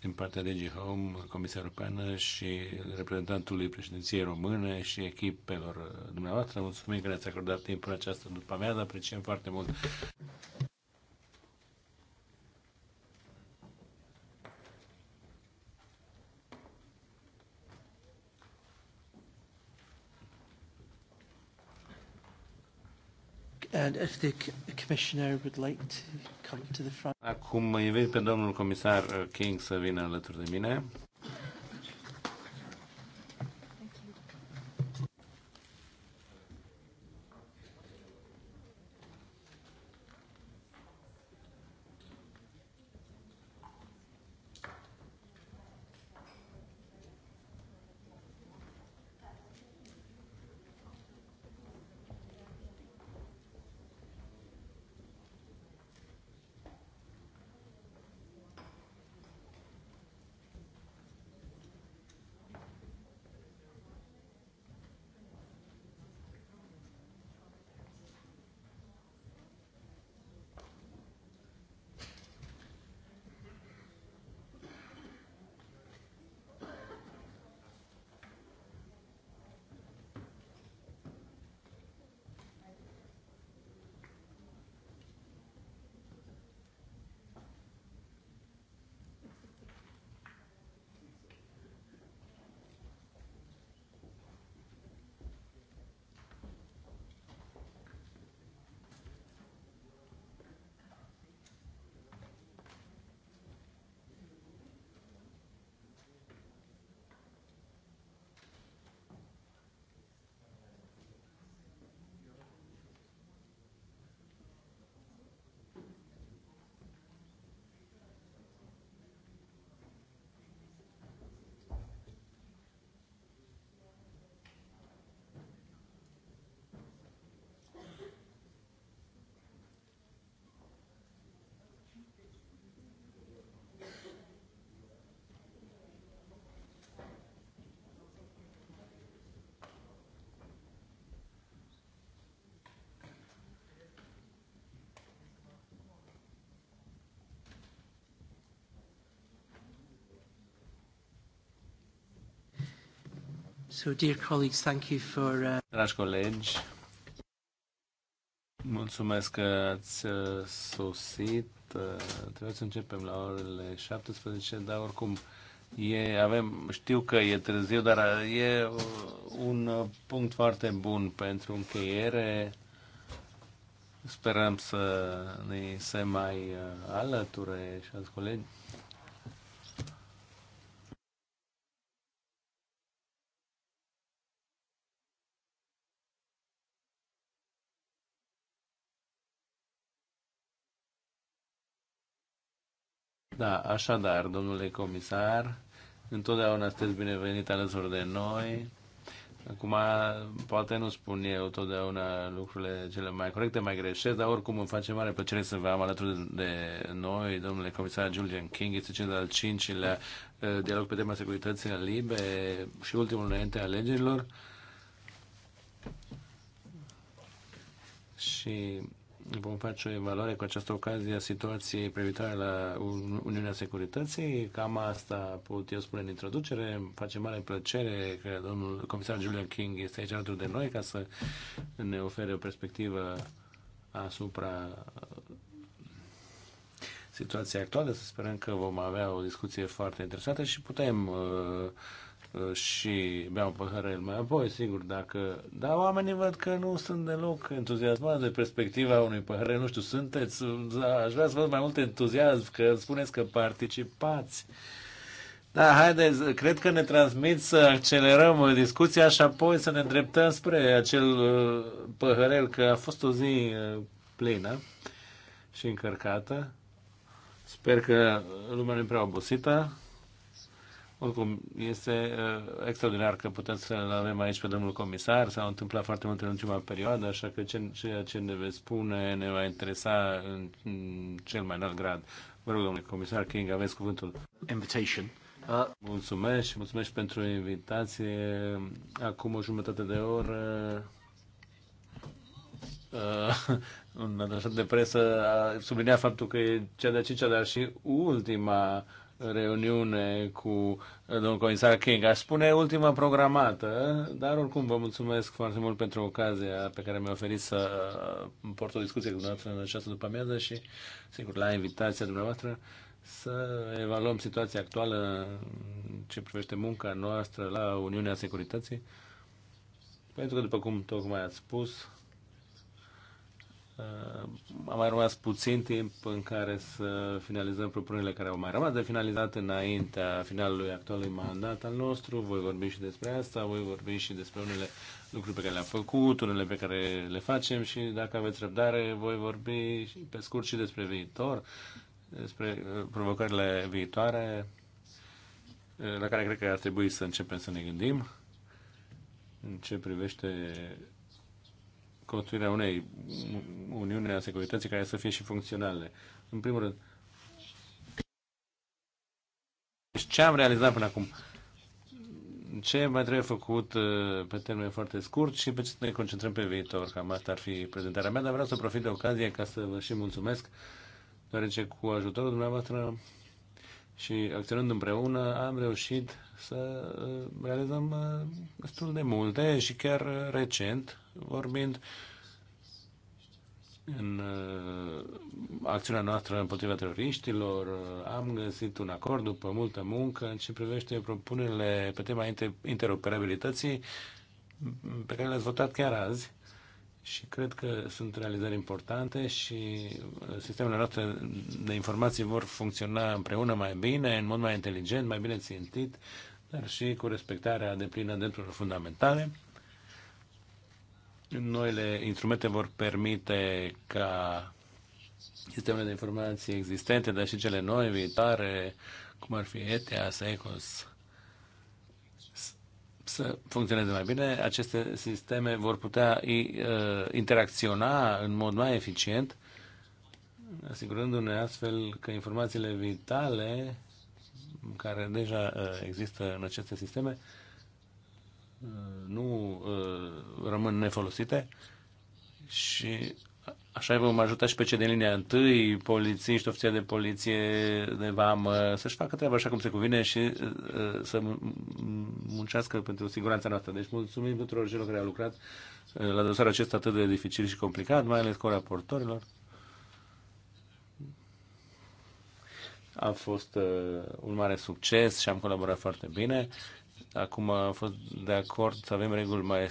din partea DG Home, Comisia Europeană și reprezentantului președinției române și echipelor eh, dumneavoastră. Mulțumim că ne-ați acordat timp în această după amiază. Apreciem foarte mult. Acum invit pe domnul comisar uh, King să vină alături de mine. So, dear colleagues, thank you for... Uh... Dragi colegi, mulțumesc că ați uh, sosit. Uh, trebuie să începem la orele 17, dar oricum e, avem, știu că e târziu, dar uh, e un punct foarte bun pentru încheiere. Sperăm să ne se mai alăture și alți colegi. Da, așadar, domnule comisar, întotdeauna sunteți binevenit alături de noi. Acum, poate nu spun eu totdeauna lucrurile cele mai corecte, mai greșesc, dar oricum îmi face mare plăcere să vă am alături de, noi, domnule comisar Julian King, este cel de-al cincilea eh, dialog pe tema securității în Libe și ultimul înainte alegerilor. Și vom face o evaluare cu această ocazie a situației privitoare la Uniunea Securității. Cam asta pot eu spune în introducere. Îmi face mare plăcere că domnul comisar Julian King este aici alături de noi ca să ne ofere o perspectivă asupra situației actuale. Să sperăm că vom avea o discuție foarte interesată și putem uh, Uh, și beau un păhărel mai apoi, sigur, dacă... Dar oamenii văd că nu sunt deloc entuziasmați de perspectiva unui păhărel, nu știu, sunteți... Aș vrea să văd mai mult entuziasm, că spuneți că participați. Da, haideți, cred că ne transmit să accelerăm discuția și apoi să ne îndreptăm spre acel uh, păhărel, că a fost o zi uh, plină și încărcată. Sper că lumea nu e prea obosită. Oricum, este uh, extraordinar că putem să-l avem aici pe domnul comisar. S-au întâmplat foarte multe în ultima perioadă, așa că ce, ceea ce ne veți spune ne va interesa în, în cel mai înalt grad. Vă rog, domnule comisar King, aveți cuvântul. Invitation. Uh. Mulțumesc și mulțumesc pentru invitație. Acum o jumătate de oră uh, un adresat de presă a subliniat faptul că e cea de-a cincea, dar și ultima reuniune cu domnul comisar King. Aș spune ultima programată, dar oricum vă mulțumesc foarte mult pentru ocazia pe care mi-a oferit să uh, port o discuție cu dumneavoastră în această după amiază și, sigur, la invitația dumneavoastră să evaluăm situația actuală ce privește munca noastră la Uniunea Securității. Pentru că, după cum tocmai ați spus, a mai rămas puțin timp în care să finalizăm propunerile care au mai rămas de finalizat înaintea finalului actualului mandat al nostru. Voi vorbi și despre asta, voi vorbi și despre unele lucruri pe care le-am făcut, unele pe care le facem și dacă aveți răbdare voi vorbi și pe scurt și despre viitor, despre uh, provocările viitoare uh, la care cred că ar trebui să începem să ne gândim în ce privește construirea unei uniune a securității care să fie și funcționale. În primul rând, deci ce am realizat până acum? Ce mai trebuie făcut uh, pe termen foarte scurt și pe ce ne concentrăm pe viitor? Cam asta ar fi prezentarea mea, dar vreau să profit de ocazie ca să vă și mulțumesc, deoarece cu ajutorul dumneavoastră și acționând împreună am reușit să uh, realizăm uh, destul de multe și chiar uh, recent vorbind în acțiunea noastră împotriva teroriștilor am găsit un acord după multă muncă în ce privește propunerile pe tema interoperabilității pe care le-ați votat chiar azi și cred că sunt realizări importante și uh, sistemele noastre de informații vor funcționa împreună mai bine, în mod mai inteligent, mai bine țintit, dar și cu respectarea deplină a drepturilor fundamentale. Noile instrumente vor permite ca sistemele de informații existente, dar și cele noi, viitoare, cum ar fi ETIAS, ECOS, să funcționeze mai bine, aceste sisteme vor putea uh, interacționa în mod mai eficient, asigurându-ne astfel că informațiile vitale care deja uh, există în aceste sisteme uh, nu rămân nefolosite și Așa vom ajuta și pe cei din linia întâi, polițiști, ofițeri de poliție, de vamă, să-și facă treaba așa cum se cuvine și uh, să muncească pentru siguranța noastră. Deci mulțumim tuturor celor care au lucrat uh, la dosarul acesta atât de dificil și complicat, mai ales cu raportorilor. A fost uh, un mare succes și am colaborat foarte bine. Acum am fost de acord să avem reguli mai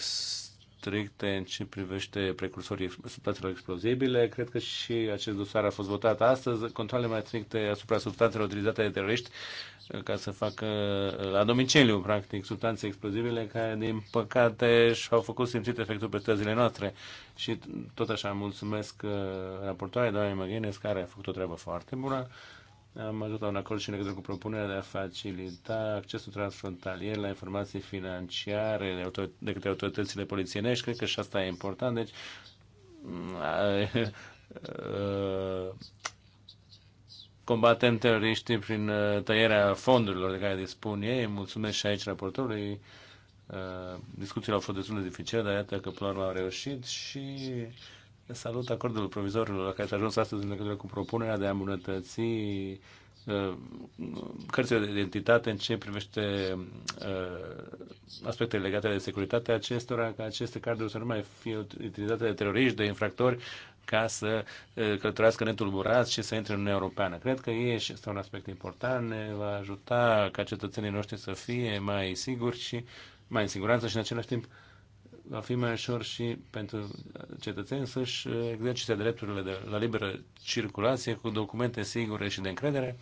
stricte în ce privește precursorii substanțelor explozibile. Cred că și acest dosar a fost votat astăzi. Controle mai stricte asupra substanțelor utilizate de teroriști uh, ca să facă uh, la domiciliu, practic, substanțe explozibile care, din păcate, și-au făcut simțit efectul pe străzile noastre. Și tot așa mulțumesc uh, raportoarea doamnei Măghenes, care a făcut o treabă foarte bună. Am ajuns la un acord și în legătură cu propunerea de a facilita accesul transfrontalier la informații financiare de către autoritățile polițienești. Cred că și asta e important. Deci, combatem teroriștii prin uh, tăierea fondurilor de care dispun ei. Mulțumesc și aici raportorului. Uh, discuțiile au fost destul de dificile, dar iată că până la urmă au reușit și salut acordul provizorilor la care s-a ajuns astăzi în legătură cu propunerea de a îmbunătăți uh, cărțile de identitate în ce privește uh, aspectele legate de securitatea acestora, ca aceste carduri să nu mai fie utilizate de teroriști, de infractori, ca să uh, călătorească netulburați și să intre în Uniunea Europeană. Cred că e și este un aspect important, ne va ajuta ca cetățenii noștri să fie mai siguri și mai în siguranță și în același timp uh, va fi mai ușor și pentru cetățeni să-și exercite drepturile de la liberă circulație cu documente sigure și de încredere.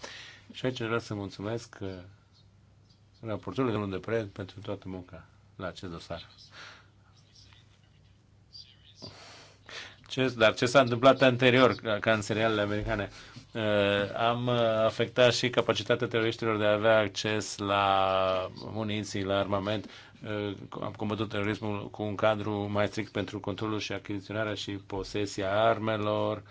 Și aici vreau să mulțumesc uh, raportului domnul de preț pentru toată munca la acest dosar. Ce, dar ce s-a întâmplat anterior, ca în serialele americane? Uh, am uh, afectat și capacitatea teroriștilor de a avea acces la muniții, la armament. Uh, Uh, am combătut terorismul cu un cadru mai strict pentru controlul și achiziționarea și posesia armelor,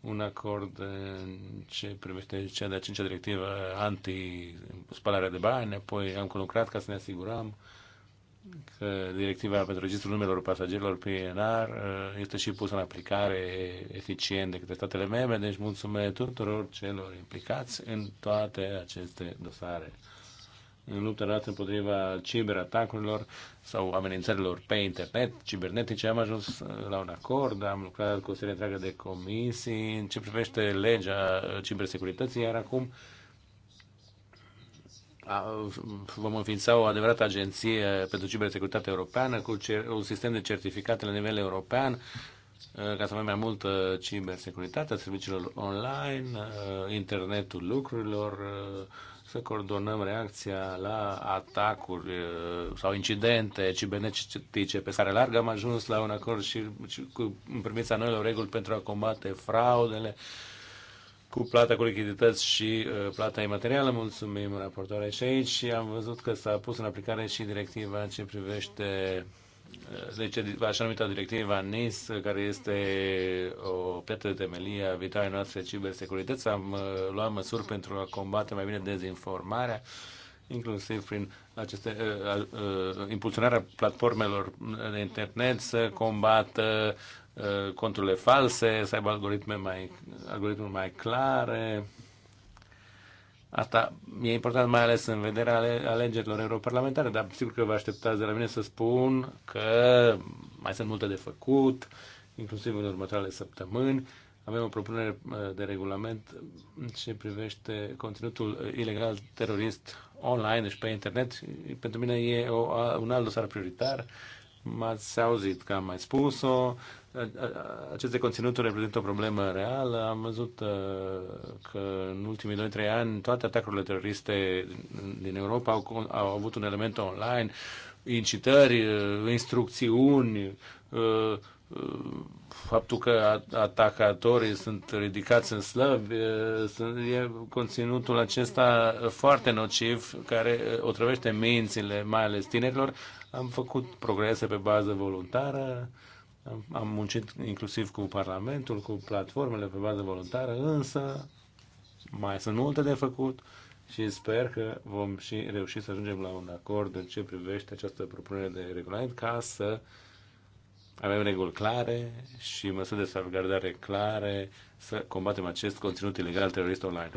un acord în ce privește cea de-a cincea directivă anti-spalarea de bani, apoi am lucrat ca să ne asigurăm că directiva pentru registrul numelor pasagerilor PNR uh, este și pusă în aplicare eficient de către statele membre, deci mulțumesc tuturor celor implicați în toate aceste dosare în luptă arată împotriva ciberatacurilor sau amenințărilor pe internet, cibernetice. Am ajuns la un acord, am lucrat cu o serie întreagă de comisii în ce privește legea cibersecurității, iar acum vom înființa o adevărată agenție pentru cibersecuritate europeană cu un sistem de certificate la nivel european uh, ca să avem mai multă cibersecuritate a serviciilor online, uh, internetul lucrurilor, uh, să coordonăm reacția la atacuri sau incidente cibernetice pe care larg am ajuns la un acord și cu, în privința noilor reguli pentru a combate fraudele cu plata cu lichidități și plata imaterială. Mulțumim raportoarea și aici și am văzut că s-a pus în aplicare și directiva ce privește deci așa numită directiva NIS, care este o piatră de temelie a viitoarei noastre cibersecurități, am uh, luat măsuri pentru a combate mai bine dezinformarea, inclusiv prin aceste, uh, uh, impulsionarea platformelor de internet să combată uh, conturile false, să aibă algoritme mai, algoritmuri mai clare, uh, Asta mi e important mai ales în vederea ale alegerilor europarlamentare, dar sigur că vă așteptați de la mine să spun că mai sunt multe de făcut, inclusiv în următoarele săptămâni. Avem o propunere uh, de regulament ce privește conținutul ilegal terorist online, deci pe internet. Pentru mine e o, un alt dosar prioritar m-ați auzit că am mai spus-o. Aceste conținuturi reprezintă o problemă reală. Am văzut uh, că în ultimii 2-3 ani toate atacurile teroriste din Europa au, au avut un element online, incitări, uh, instrucțiuni, uh, faptul că atacatorii sunt ridicați în slăbi, e conținutul acesta foarte nociv care otrăvește mințile, mai ales tinerilor, am făcut progrese pe bază voluntară, am, am muncit inclusiv cu Parlamentul, cu platformele pe bază voluntară, însă mai sunt multe de făcut și sper că vom și reuși să ajungem la un acord în ce privește această propunere de regulament ca să avem reguli clare și măsuri de salvgardare clare să combatem acest conținut ilegal terorist online.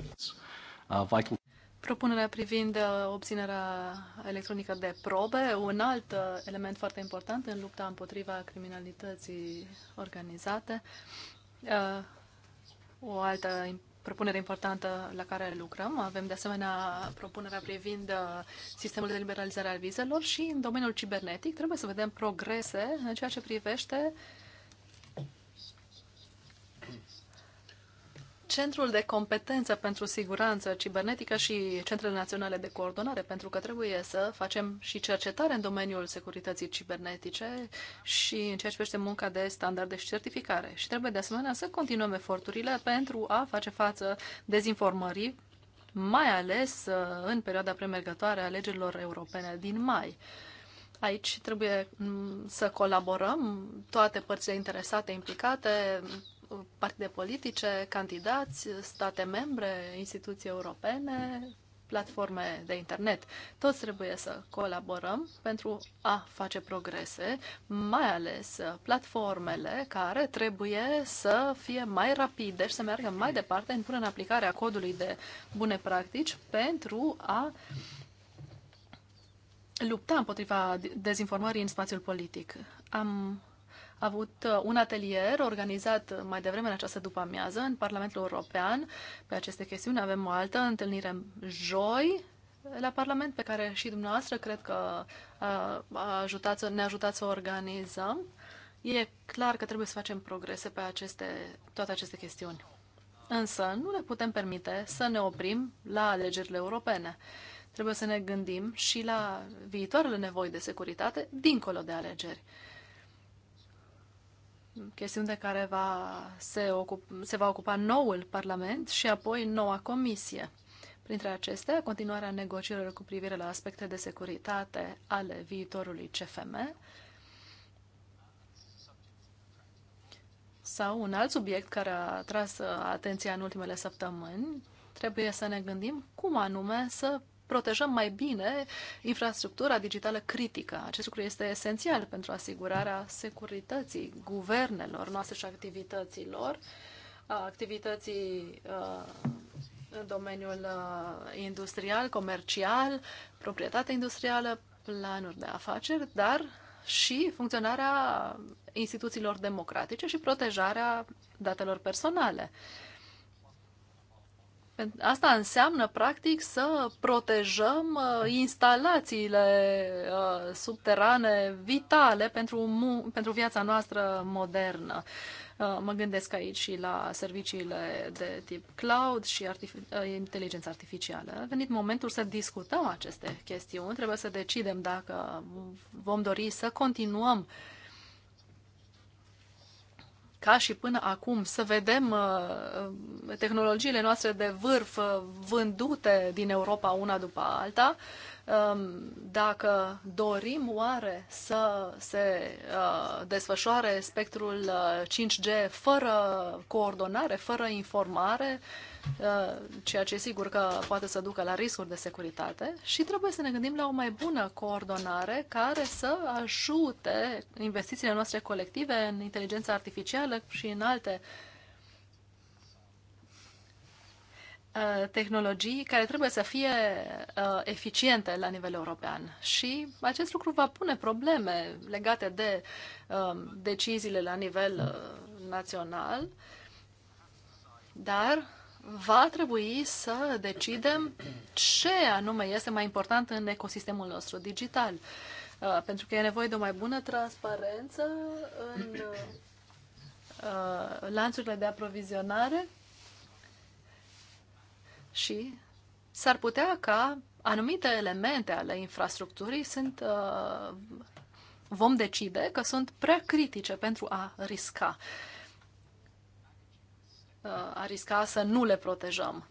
Uh, vital. Propunerea privind uh, obținerea electronică de probe, un alt uh, element foarte important în lupta împotriva criminalității organizate. Uh, o altă propunere importantă la care lucrăm. Avem de asemenea propunerea privind sistemul de liberalizare al vizelor și în domeniul cibernetic trebuie să vedem progrese în ceea ce privește uh, Centrul de competență pentru siguranță cibernetică și centrele naționale de coordonare, pentru că trebuie să facem și cercetare în domeniul securității cibernetice și în ceea ce privește munca de standarde și certificare. Și trebuie de asemenea să continuăm eforturile pentru a face față dezinformării, mai ales uh, în perioada premergătoare a alegerilor europene din mai. Aici trebuie mm, să colaborăm toate părțile interesate, implicate, partide politice, candidați, state membre, instituții europene, platforme de internet. Toți trebuie să colaborăm pentru a face progrese, mai ales platformele care trebuie să fie mai rapide și să meargă mai departe în până în aplicarea codului de bune practici pentru a lupta împotriva dezinformării în spațiul politic. Am avut uh, un atelier organizat mai devreme în această după-amiază în Parlamentul European pe aceste chestiuni. Avem o altă întâlnire joi la Parlament pe care și dumneavoastră cred că uh, ajutat, ne ajutați să o organizăm. E clar că trebuie să facem progrese pe aceste, toate aceste chestiuni. Însă nu ne putem permite să ne oprim la alegerile europene. Trebuie să ne gândim și la viitoarele nevoi de securitate dincolo de alegeri chestiuni de care va se, ocup, se va ocupa noul Parlament și apoi noua Comisie. Printre acestea, continuarea negocierilor cu privire la aspecte de securitate ale viitorului CFM sau un alt subiect care a tras atenția în ultimele săptămâni, trebuie să ne gândim cum anume să protejăm mai bine infrastructura digitală critică. Acest lucru este esențial pentru asigurarea securității guvernelor noastre și activităților, activității în domeniul industrial, comercial, proprietate industrială, planuri de afaceri, dar și funcționarea instituțiilor democratice și protejarea datelor personale. Asta înseamnă, practic, să protejăm uh, instalațiile uh, subterane vitale pentru, pentru viața noastră modernă. Uh, mă gândesc aici și la serviciile de tip cloud și artific- inteligență artificială. A venit momentul să discutăm aceste chestiuni. Trebuie să decidem dacă vom dori să continuăm uh, ca și până acum, să vedem uh, uh, tehnologiile noastre de vârf uh, vândute din Europa una după alta, um, dacă dorim oare să se desfășoare spectrul 5G fără coordonare, fără informare, Uh, ceea ce e sigur că poate să ducă la riscuri de securitate și trebuie să ne gândim la o mai bună coordonare care să ajute investițiile noastre colective în inteligența artificială și în alte uh, tehnologii care trebuie să fie uh, eficiente la nivel european. Și acest lucru va pune probleme legate de um, deciziile la nivel național, dar va trebui să decidem ce anume este mai important în ecosistemul nostru digital. Uh, pentru că e nevoie de o mai bună transparență în uh, lanțurile de aprovizionare și s-ar putea ca anumite elemente ale infrastructurii sunt, uh, vom decide că sunt prea critice pentru a risca. Uh, a risca să nu le protejăm.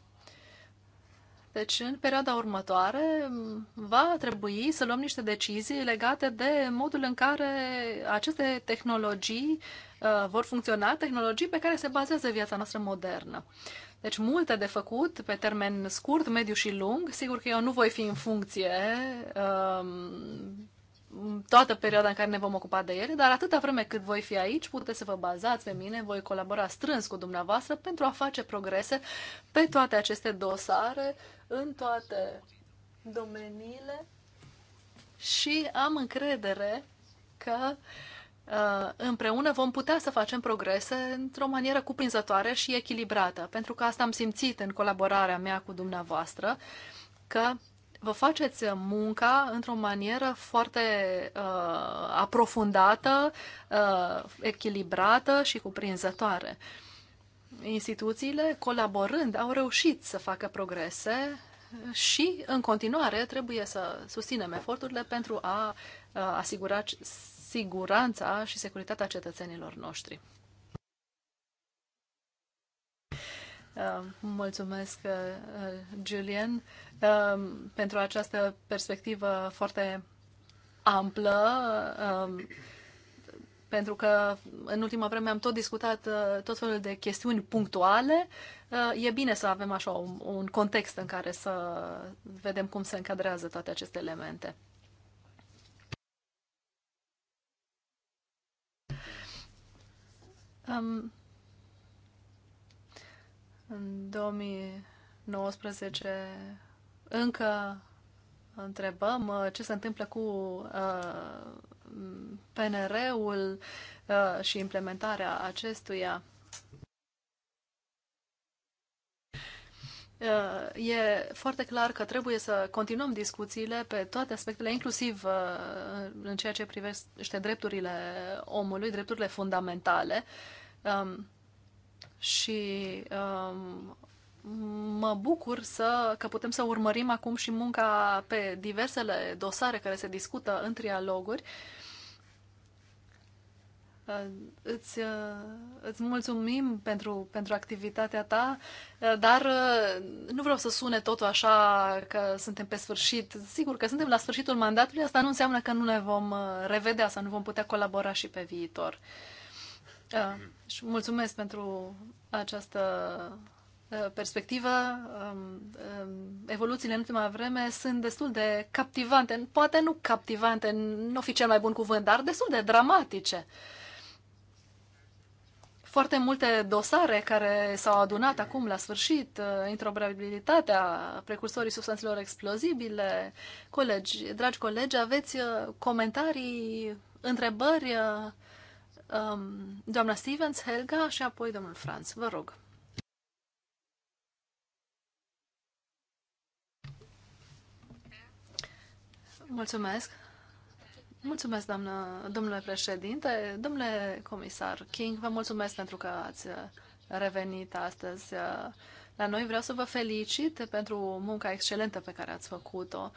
Deci, în perioada următoare, va trebui să luăm niște decizii legate de modul în care aceste tehnologii uh, vor funcționa, tehnologii pe care se bazează viața noastră modernă. Deci, multe de făcut pe termen scurt, mediu și lung. Sigur că eu nu voi fi în funcție uh, toată perioada în care ne vom ocupa de ele, dar atâta vreme cât voi fi aici, puteți să vă bazați pe mine, voi colabora strâns cu dumneavoastră pentru a face progrese pe toate aceste dosare, în toate domeniile și am încredere că uh, împreună vom putea să facem progrese într-o manieră cuprinzătoare și echilibrată, pentru că asta am simțit în colaborarea mea cu dumneavoastră, că vă faceți munca într-o manieră foarte uh, aprofundată, uh, echilibrată și cuprinzătoare. Instituțiile, colaborând, au reușit să facă progrese și, în continuare, trebuie să susținem eforturile pentru a uh, asigura siguranța și securitatea cetățenilor noștri. Uh, mulțumesc, uh, uh, Julian, pentru această perspectivă foarte amplă, pentru că în ultima vreme am tot discutat tot felul de chestiuni punctuale. E bine să avem așa un context în care să vedem cum se încadrează toate aceste elemente. Um, în 2019 încă întrebăm uh, ce se întâmplă cu uh, PNR-ul uh, și implementarea acestuia. E foarte clar că trebuie să continuăm discuțiile pe toate aspectele, inclusiv în ceea ce privește drepturile omului, drepturile fundamentale. Um, și um, mă bucur să, că putem să urmărim acum și munca pe diversele dosare care se discută în trialoguri. Uh, îți, uh, îți mulțumim pentru, pentru activitatea ta, uh, dar nu vreau să sune totul așa că suntem pe sfârșit. Sigur că suntem la sfârșitul mandatului, asta nu înseamnă că nu ne vom revedea sau nu vom putea colabora și pe viitor. Și mulțumesc pentru această uh, perspectivă. Um, um, evoluțiile în ultima vreme sunt destul de captivante, poate nu captivante, nu fi cel mai bun cuvânt, dar destul de dramatice. Foarte multe dosare care s-au adunat acum la sfârșit, uh, interoperabilitatea precursorii substanțelor explozibile. Colegi, dragi colegi, aveți uh, comentarii, întrebări? um, doamna Stevens, Helga și apoi domnul Franz. Vă rog. Mulțumesc. Mulțumesc, doamnă, domnule președinte. Domnule comisar King, vă mulțumesc pentru că ați revenit astăzi uh, la noi. Vreau să vă felicit pentru munca excelentă pe care ați făcut-o.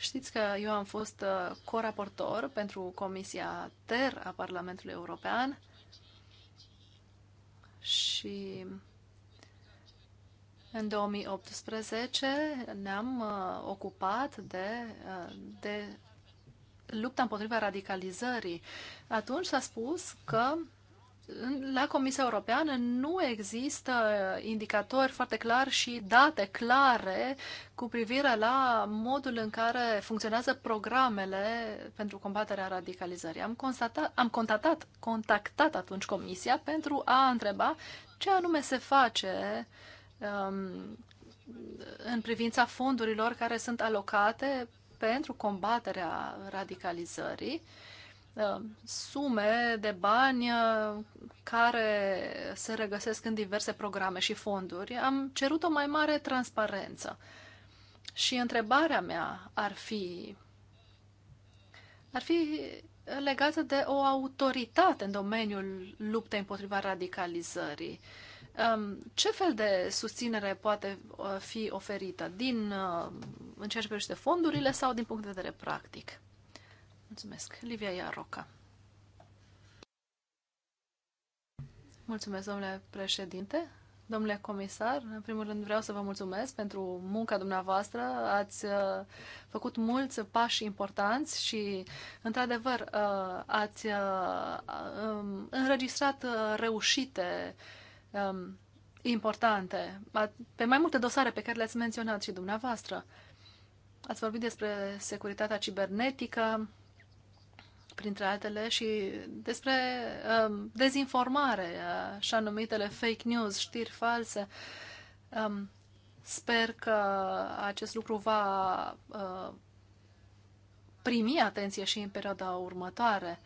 Știți că eu am fost uh, coraportor pentru Comisia TER a Parlamentului European și în 2018 ne-am uh, ocupat de, uh, de lupta împotriva radicalizării. Atunci s-a spus că la Comisia Europeană nu există indicatori foarte clar și date clare cu privire la modul în care funcționează programele pentru combaterea radicalizării. Am, constatat, am contactat, contactat atunci Comisia pentru a întreba ce anume se face um, în privința fondurilor care sunt alocate pentru combaterea radicalizării uh, Uh, sume de bani uh, care se regăsesc în diverse programe și fonduri. Am cerut o mai mare transparență. Și întrebarea mea ar fi ar fi legată de o autoritate în domeniul luptei împotriva radicalizării. Um, ce fel de susținere poate uh, fi oferită din în ceea ce privește fondurile sau din punct de vedere practic? Mulțumesc. Livia Iaroca. Mulțumesc, domnule președinte. Domnule comisar, în primul rând vreau să vă mulțumesc pentru munca dumneavoastră. Ați uh, făcut mulți pași importanți și, într-adevăr, uh, ați uh, um, înregistrat reușite um, importante pe mai multe dosare pe care le-ați menționat și dumneavoastră. Ați vorbit despre securitatea cibernetică, printre altele, și despre um, dezinformare, uh, așa numitele fake news, știri false. Um, sper că acest lucru va uh, primi atenție și în perioada următoare.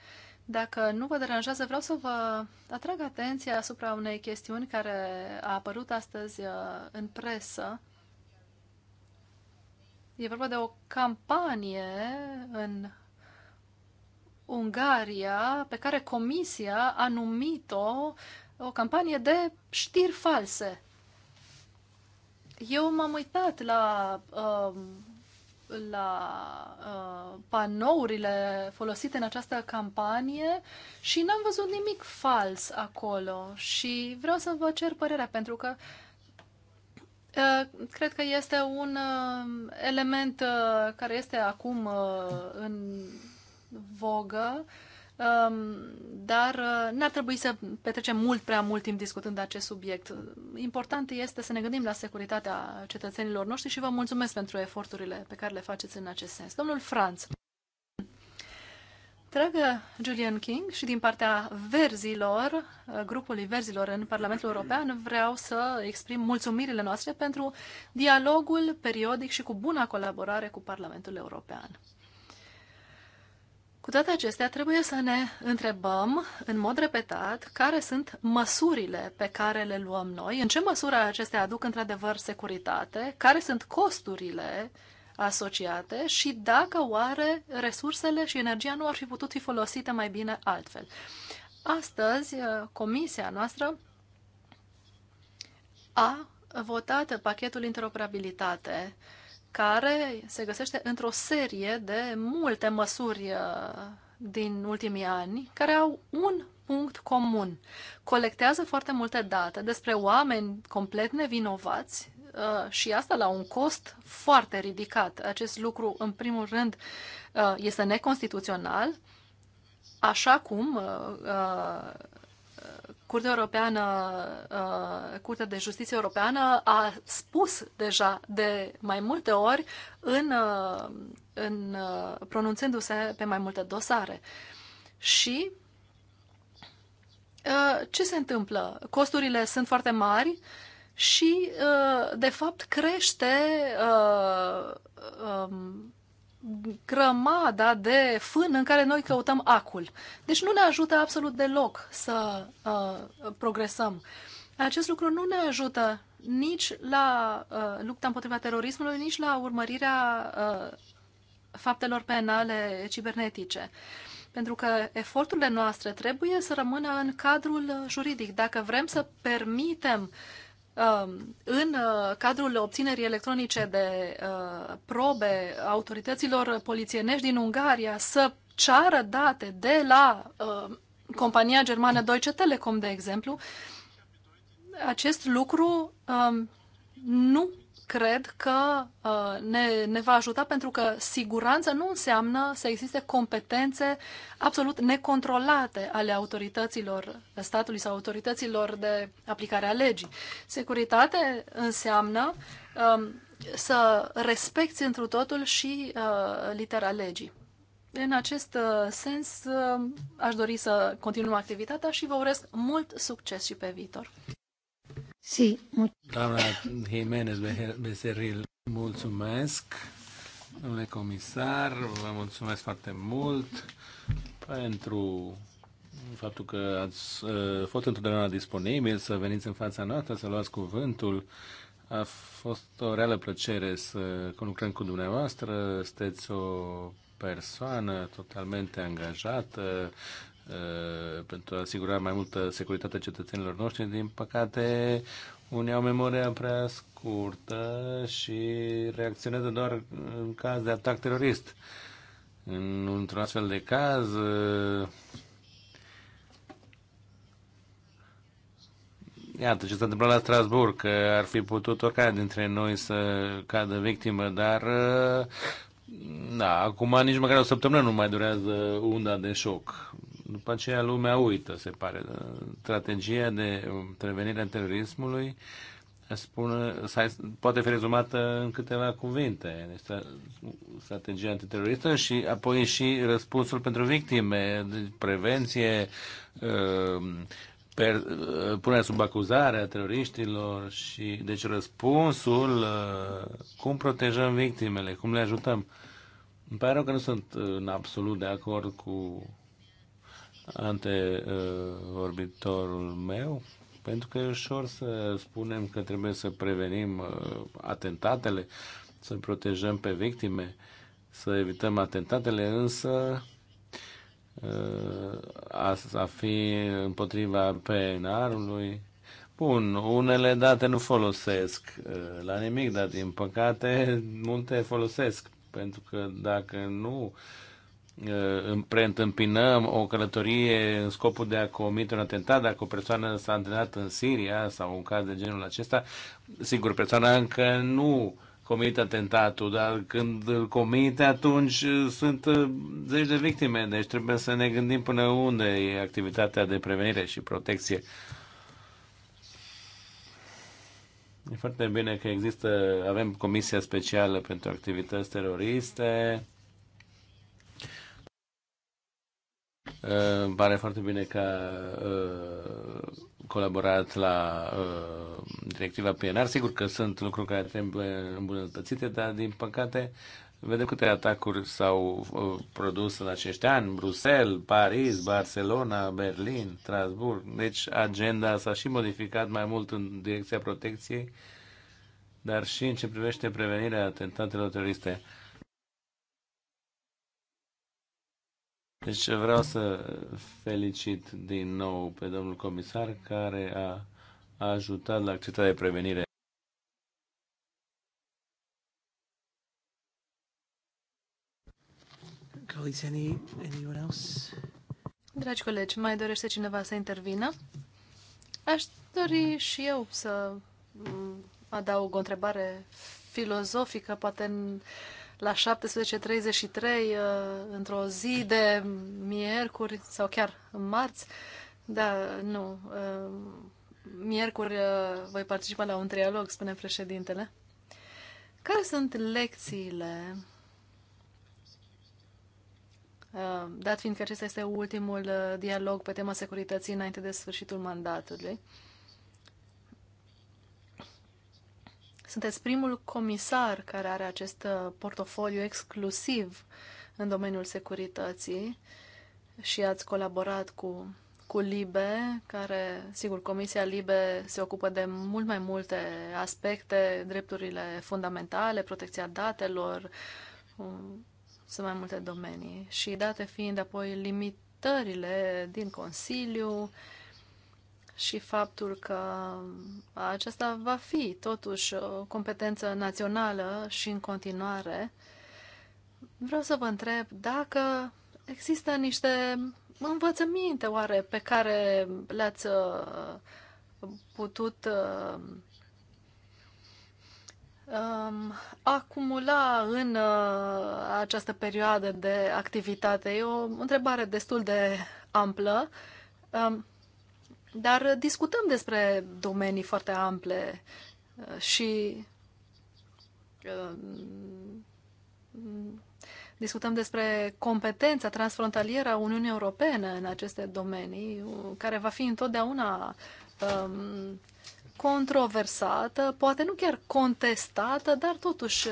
Dacă nu vă deranjează, vreau să vă atrag atenția asupra unei chestiuni care a apărut astăzi uh, în presă. E vorba de o campanie în Ungaria, pe care Comisia a numit-o o campanie de știri false. Eu m-am uitat la, uh, la uh, panourile folosite în această campanie și n-am văzut nimic fals acolo și vreau să vă cer părerea pentru că uh, Cred că este un um, element uh, care este acum uh, în vogă, um, dar uh, n-ar trebui să petrecem mult prea mult timp discutând acest subiect. Important este să ne gândim la securitatea cetățenilor noștri și vă mulțumesc pentru eforturile pe care le faceți în acest sens. Domnul Franț. Dragă Julian King și din partea verzilor, uh, grupului verzilor în Parlamentul European, vreau să exprim mulțumirile noastre pentru dialogul periodic și cu buna colaborare cu Parlamentul European. Cu toate acestea, trebuie să ne întrebăm în mod repetat care sunt măsurile pe care le luăm noi, în ce măsură acestea aduc într-adevăr securitate, care sunt costurile asociate și dacă oare resursele și energia nu ar fi putut fi folosite mai bine altfel. Astăzi, uh, comisia noastră a votat pachetul interoperabilitate care se găsește într-o serie de multe măsuri uh, din ultimii ani care au un punct comun. Colectează foarte multe date despre oameni complet nevinovați uh, și asta la un cost foarte ridicat. Acest lucru, în primul rând, uh, este neconstituțional, așa cum Curtea Europeană, uh, Curtea de Justiție Europeană a spus deja de mai multe ori în, uh, în uh, pronunțându-se pe mai multe dosare. Și ce se întâmplă? Costurile sunt foarte mari și, de fapt, crește um, grămada de fân în care noi căutăm acul. Deci nu ne ajută absolut deloc să uh, progresăm. Acest lucru nu ne ajută nici la uh, lupta împotriva terorismului, nici la urmărirea uh, faptelor penale cibernetice. Pentru că eforturile noastre trebuie să rămână în cadrul juridic. Dacă vrem să permitem uh, Um, în uh, cadrul obținerii electronice de uh, probe autorităților polițienești din Ungaria să ceară date de la uh, compania germană Deutsche Telekom, de exemplu, acest lucru um, nu cred că uh, ne, ne va ajuta pentru că siguranță nu înseamnă să existe competențe absolut necontrolate ale autorităților statului sau autorităților de aplicare a legii. Securitate înseamnă um, să respecti întru totul și uh, litera legii. În acest uh, sens, uh, aș dori să continuăm activitatea și vă urez mult succes și pe viitor. Si, Doamna Jimenez Becerril, mulțumesc. Domnule comisar, vă mulțumesc foarte mult pentru faptul că ați uh, fost întotdeauna disponibil să veniți în fața noastră, să luați cuvântul. A fost o reală plăcere să conlucrăm cu dumneavoastră. Sunteți o persoană totalmente angajată, Uh, pentru a asigura mai multă securitate cetățenilor noștri. Din păcate, unii au memoria prea scurtă și reacționează doar în caz de atac terorist. În, într-un astfel de caz, uh, iată ce s-a întâmplat la Strasburg, că ar fi putut oricare dintre noi să cadă victimă, dar uh, da, acum nici măcar o săptămână nu mai durează unda de șoc după aceea lumea uită, se pare. Strategia de prevenire a terorismului spune, poate fi rezumată în câteva cuvinte. Strategia antiteroristă și apoi și răspunsul pentru victime, prevenție, um, per, uh, punerea sub acuzare a teroriștilor și deci răspunsul uh, cum protejăm victimele, cum le ajutăm. Îmi pare rău că nu sunt uh, în absolut de acord cu ante vorbitorul meu, pentru că e ușor să spunem că trebuie să prevenim uh, atentatele, să protejăm pe victime, să evităm atentatele, însă uh, a, a fi împotriva PNR-ului. Bun, unele date nu folosesc uh, la nimic, dar din păcate multe folosesc, pentru că dacă nu uh, Uh, preîntâmpinăm o călătorie în scopul de a comite un atentat, dacă o persoană s-a antrenat în Siria sau un caz de genul acesta, sigur, persoana încă nu comite atentatul, dar când îl comite, atunci uh, sunt uh, zeci de victime, deci trebuie să ne gândim până unde e activitatea de prevenire și protecție. E foarte bine că există, avem comisia specială pentru activități teroriste, Îmi pare foarte bine că a uh, colaborat la uh, directiva PNR. Sigur că sunt lucruri care trebuie îmbunătățite, dar din păcate vedem câte atacuri s-au uh, produs în acești ani. Bruxelles, Paris, Barcelona, Berlin, Strasburg. Deci agenda s-a și modificat mai mult în direcția protecției, dar și în ce privește prevenirea atentatelor teroriste. Deci vreau să felicit din nou pe domnul comisar care a ajutat la acceptarea de prevenire. anyone else? Dragi colegi, mai dorește cineva să intervină? Aș dori și eu să mm, adaug o întrebare filozofică, poate în, la 17.33 uh, într-o zi de miercuri sau chiar marți. Da, nu. Uh, miercuri uh, voi participa la un trialog, spune președintele. Care sunt lecțiile? Dat fiindcă acesta este ultimul dialog pe tema securității înainte de sfârșitul mandatului. Sunteți primul comisar care are acest uh, portofoliu exclusiv în domeniul securității și ați colaborat cu, cu LIBE, care, sigur, Comisia LIBE se ocupă de mult mai multe aspecte, drepturile fundamentale, protecția datelor, um, sunt mai multe domenii. Și date fiind apoi limitările din Consiliu, și faptul că aceasta va fi totuși o competență națională și în continuare, vreau să vă întreb dacă există niște învățăminte oare pe care le-ați uh, putut uh, um, acumula în uh, această perioadă de activitate? E o întrebare destul de amplă. Um, dar uh, discutăm despre domenii foarte ample uh, și uh, discutăm despre competența transfrontalieră a Uniunii Europene în aceste domenii, care va fi întotdeauna um, controversată, poate nu chiar contestată, dar totuși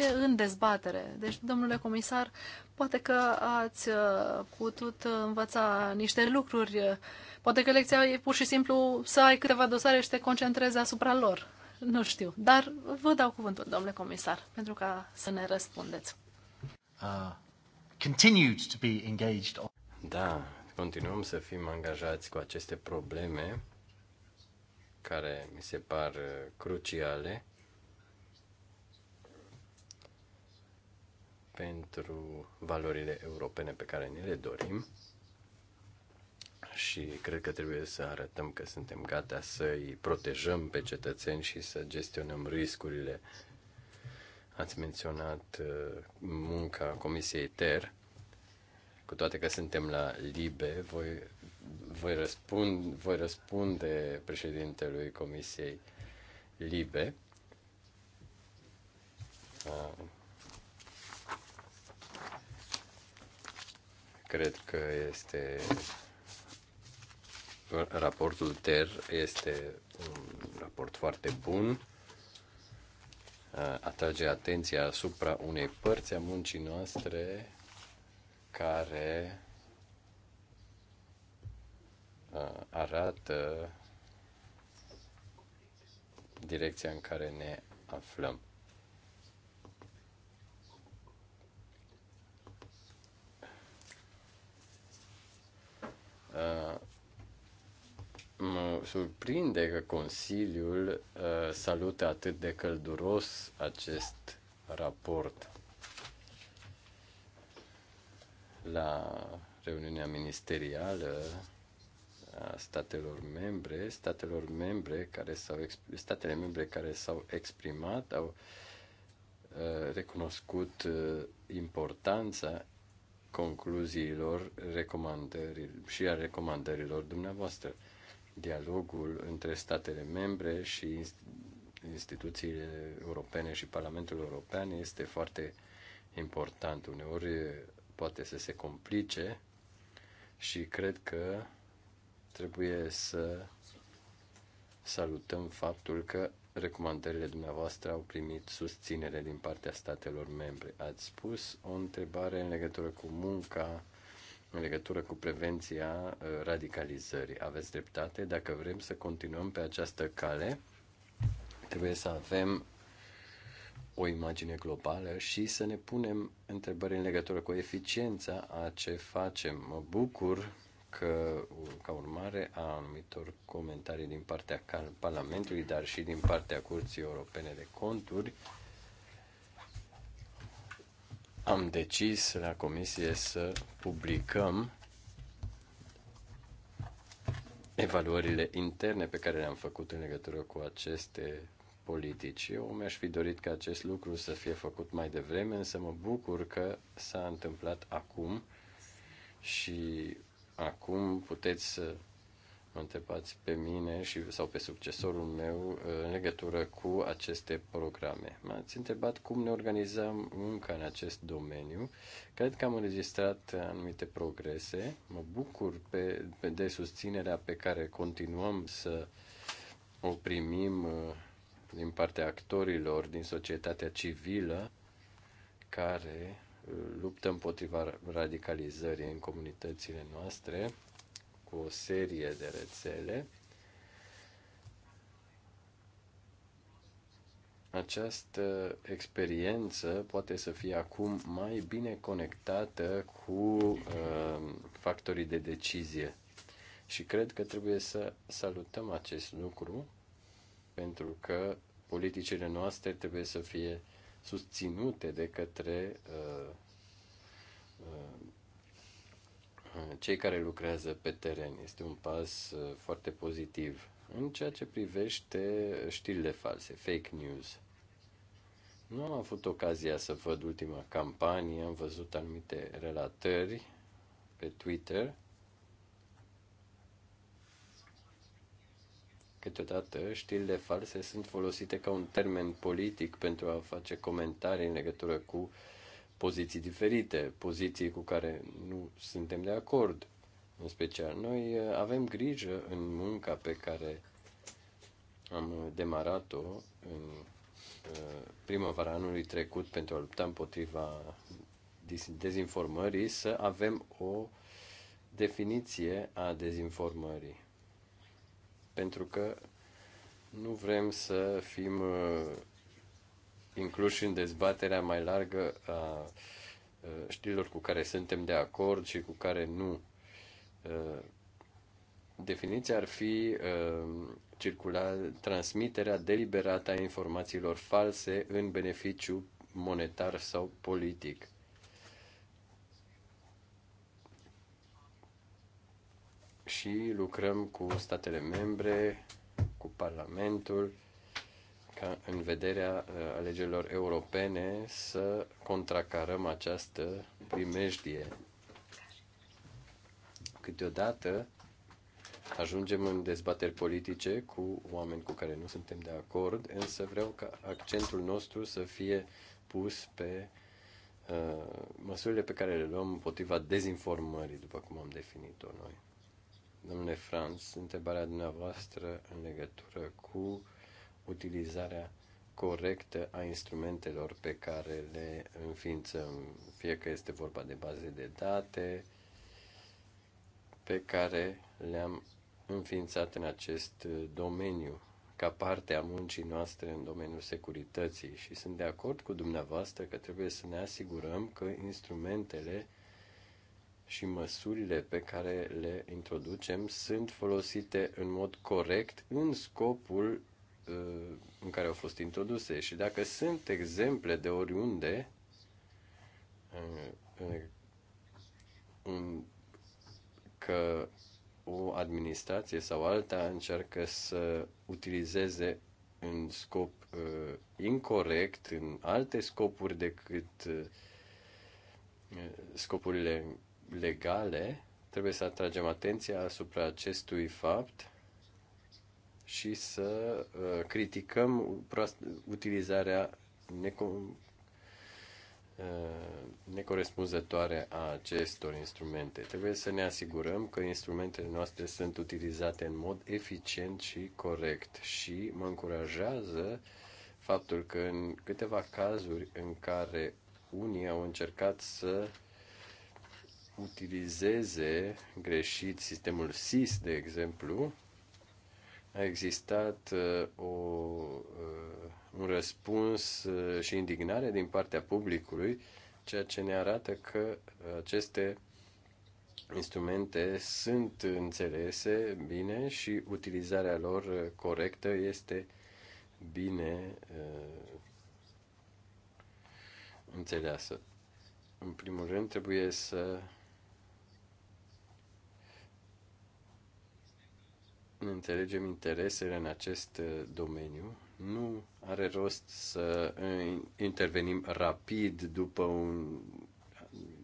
e în dezbatere. Deci, domnule comisar, Poate că ați uh, putut uh, învăța niște lucruri. Poate că lecția e pur și simplu să ai câteva dosare și te concentrezi asupra lor. Nu știu, dar vă dau cuvântul, domnule comisar, pentru ca să ne răspundeți. Uh, continued to be engaged on... Da, continuăm să fim angajați cu aceste probleme care mi se par uh, cruciale pentru valorile europene pe care ne le dorim și cred că trebuie să arătăm că suntem gata să îi protejăm pe cetățeni și să gestionăm riscurile. Ați menționat uh, munca Comisiei TER. Cu toate că suntem la LIBE, voi, voi, răspund, voi răspunde președintelui Comisiei LIBE uh, Cred că este raportul TER este un raport foarte bun. Atrage atenția asupra unei părți a muncii noastre care arată direcția în care ne aflăm. Uh, mă surprinde că Consiliul uh, salută atât de călduros acest raport la reuniunea ministerială a statelor membre, statelor membre care s-au statele membre care s-au exprimat au uh, recunoscut importanța concluziilor recomandări și a recomandărilor dumneavoastră. Dialogul între statele membre și instituțiile europene și Parlamentul European este foarte important. Uneori poate să se complice și cred că trebuie să salutăm faptul că recomandările dumneavoastră au primit susținere din partea statelor membre. Ați spus o întrebare în legătură cu munca, în legătură cu prevenția uh, radicalizării. Aveți dreptate, dacă vrem să continuăm pe această cale, trebuie să avem o imagine globală și să ne punem întrebări în legătură cu eficiența a ce facem. Mă bucur că, ca urmare a anumitor comentarii din partea Parlamentului, dar și din partea Curții Europene de Conturi, am decis la Comisie să publicăm evaluările interne pe care le-am făcut în legătură cu aceste politici. Eu mi-aș fi dorit ca acest lucru să fie făcut mai devreme, însă mă bucur că s-a întâmplat acum și acum puteți să mă întrebați pe mine și, sau pe succesorul meu uh, în legătură cu aceste programe. M-ați întrebat cum ne organizăm munca în acest domeniu. Cred că am înregistrat anumite progrese. Mă bucur pe, pe, de susținerea pe care continuăm să o primim uh, din partea actorilor din societatea civilă care luptă împotriva radicalizării în comunitățile noastre cu o serie de rețele. Această experiență poate să fie acum mai bine conectată cu uh, factorii de decizie. Și cred că trebuie să salutăm acest lucru pentru că politicile noastre trebuie să fie uh, susținute de către uh, uh, uh, cei care lucrează pe teren. Este un pas uh, foarte pozitiv în ceea ce privește știrile false, fake news. Nu am avut ocazia să văd ultima campanie, am văzut anumite relatări pe Twitter Câteodată știrile false sunt folosite ca un termen politic pentru a face comentarii în legătură cu poziții diferite, poziții cu care nu suntem de acord. În special, noi avem grijă în munca pe care am demarat-o în uh, primăvara anului trecut pentru a lupta împotriva dezinformării, să avem o definiție a dezinformării pentru că nu vrem să fim uh, incluși în dezbaterea mai largă a uh, știrilor cu care suntem de acord și cu care nu. Uh, definiția ar fi circula transmiterea deliberată a informațiilor false în beneficiu monetar sau politic. și lucrăm cu statele membre, cu Parlamentul, ca în vederea uh, alegerilor europene să contracarăm această primejdie. Câteodată ajungem în dezbateri politice cu oameni cu care nu suntem de acord, însă vreau ca accentul nostru să fie pus pe uh, măsurile pe care le luăm împotriva dezinformării, după cum am definit-o noi domnule Franz, întrebarea dumneavoastră în legătură cu utilizarea corectă a instrumentelor pe care le înființăm, fie că este vorba de baze de date pe care le-am înființat în acest domeniu ca parte a muncii noastre în domeniul securității și sunt de acord cu dumneavoastră că trebuie să ne asigurăm că instrumentele și măsurile pe care le introducem sunt folosite în mod corect în scopul uh, în care au fost introduse și dacă sunt exemple de oriunde uh, uh, că o administrație sau alta încearcă să utilizeze în scop uh, incorrect, în alte scopuri decât uh, scopurile legale, trebuie să atragem atenția asupra acestui fapt și să uh, criticăm utilizarea necom- uh, necorespunzătoare a acestor instrumente. Trebuie să ne asigurăm că instrumentele noastre sunt utilizate în mod eficient și corect și mă încurajează faptul că în câteva cazuri în care unii au încercat să utilizeze greșit sistemul SIS, de exemplu, a existat uh, o, uh, un răspuns uh, și indignare din partea publicului, ceea ce ne arată că aceste instrumente sunt înțelese bine și utilizarea lor corectă este bine înțeleasă. În primul rând, trebuie să ne înțelegem interesele în acest uh, domeniu, nu are rost să uh, intervenim rapid după un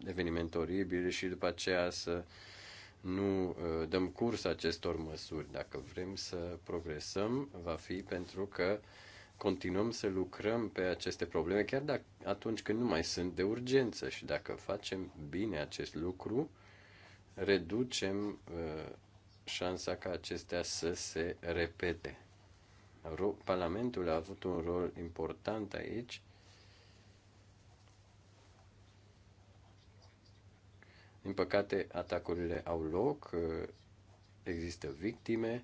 eveniment oribil și după aceea să nu uh, dăm curs acestor măsuri. Dacă vrem să progresăm, va fi pentru că continuăm să lucrăm pe aceste probleme, chiar dacă, atunci când nu mai sunt de urgență și dacă facem bine acest lucru, reducem șansa ca acestea să se repete. Parlamentul a avut un rol important aici. Din păcate, atacurile au loc, există victime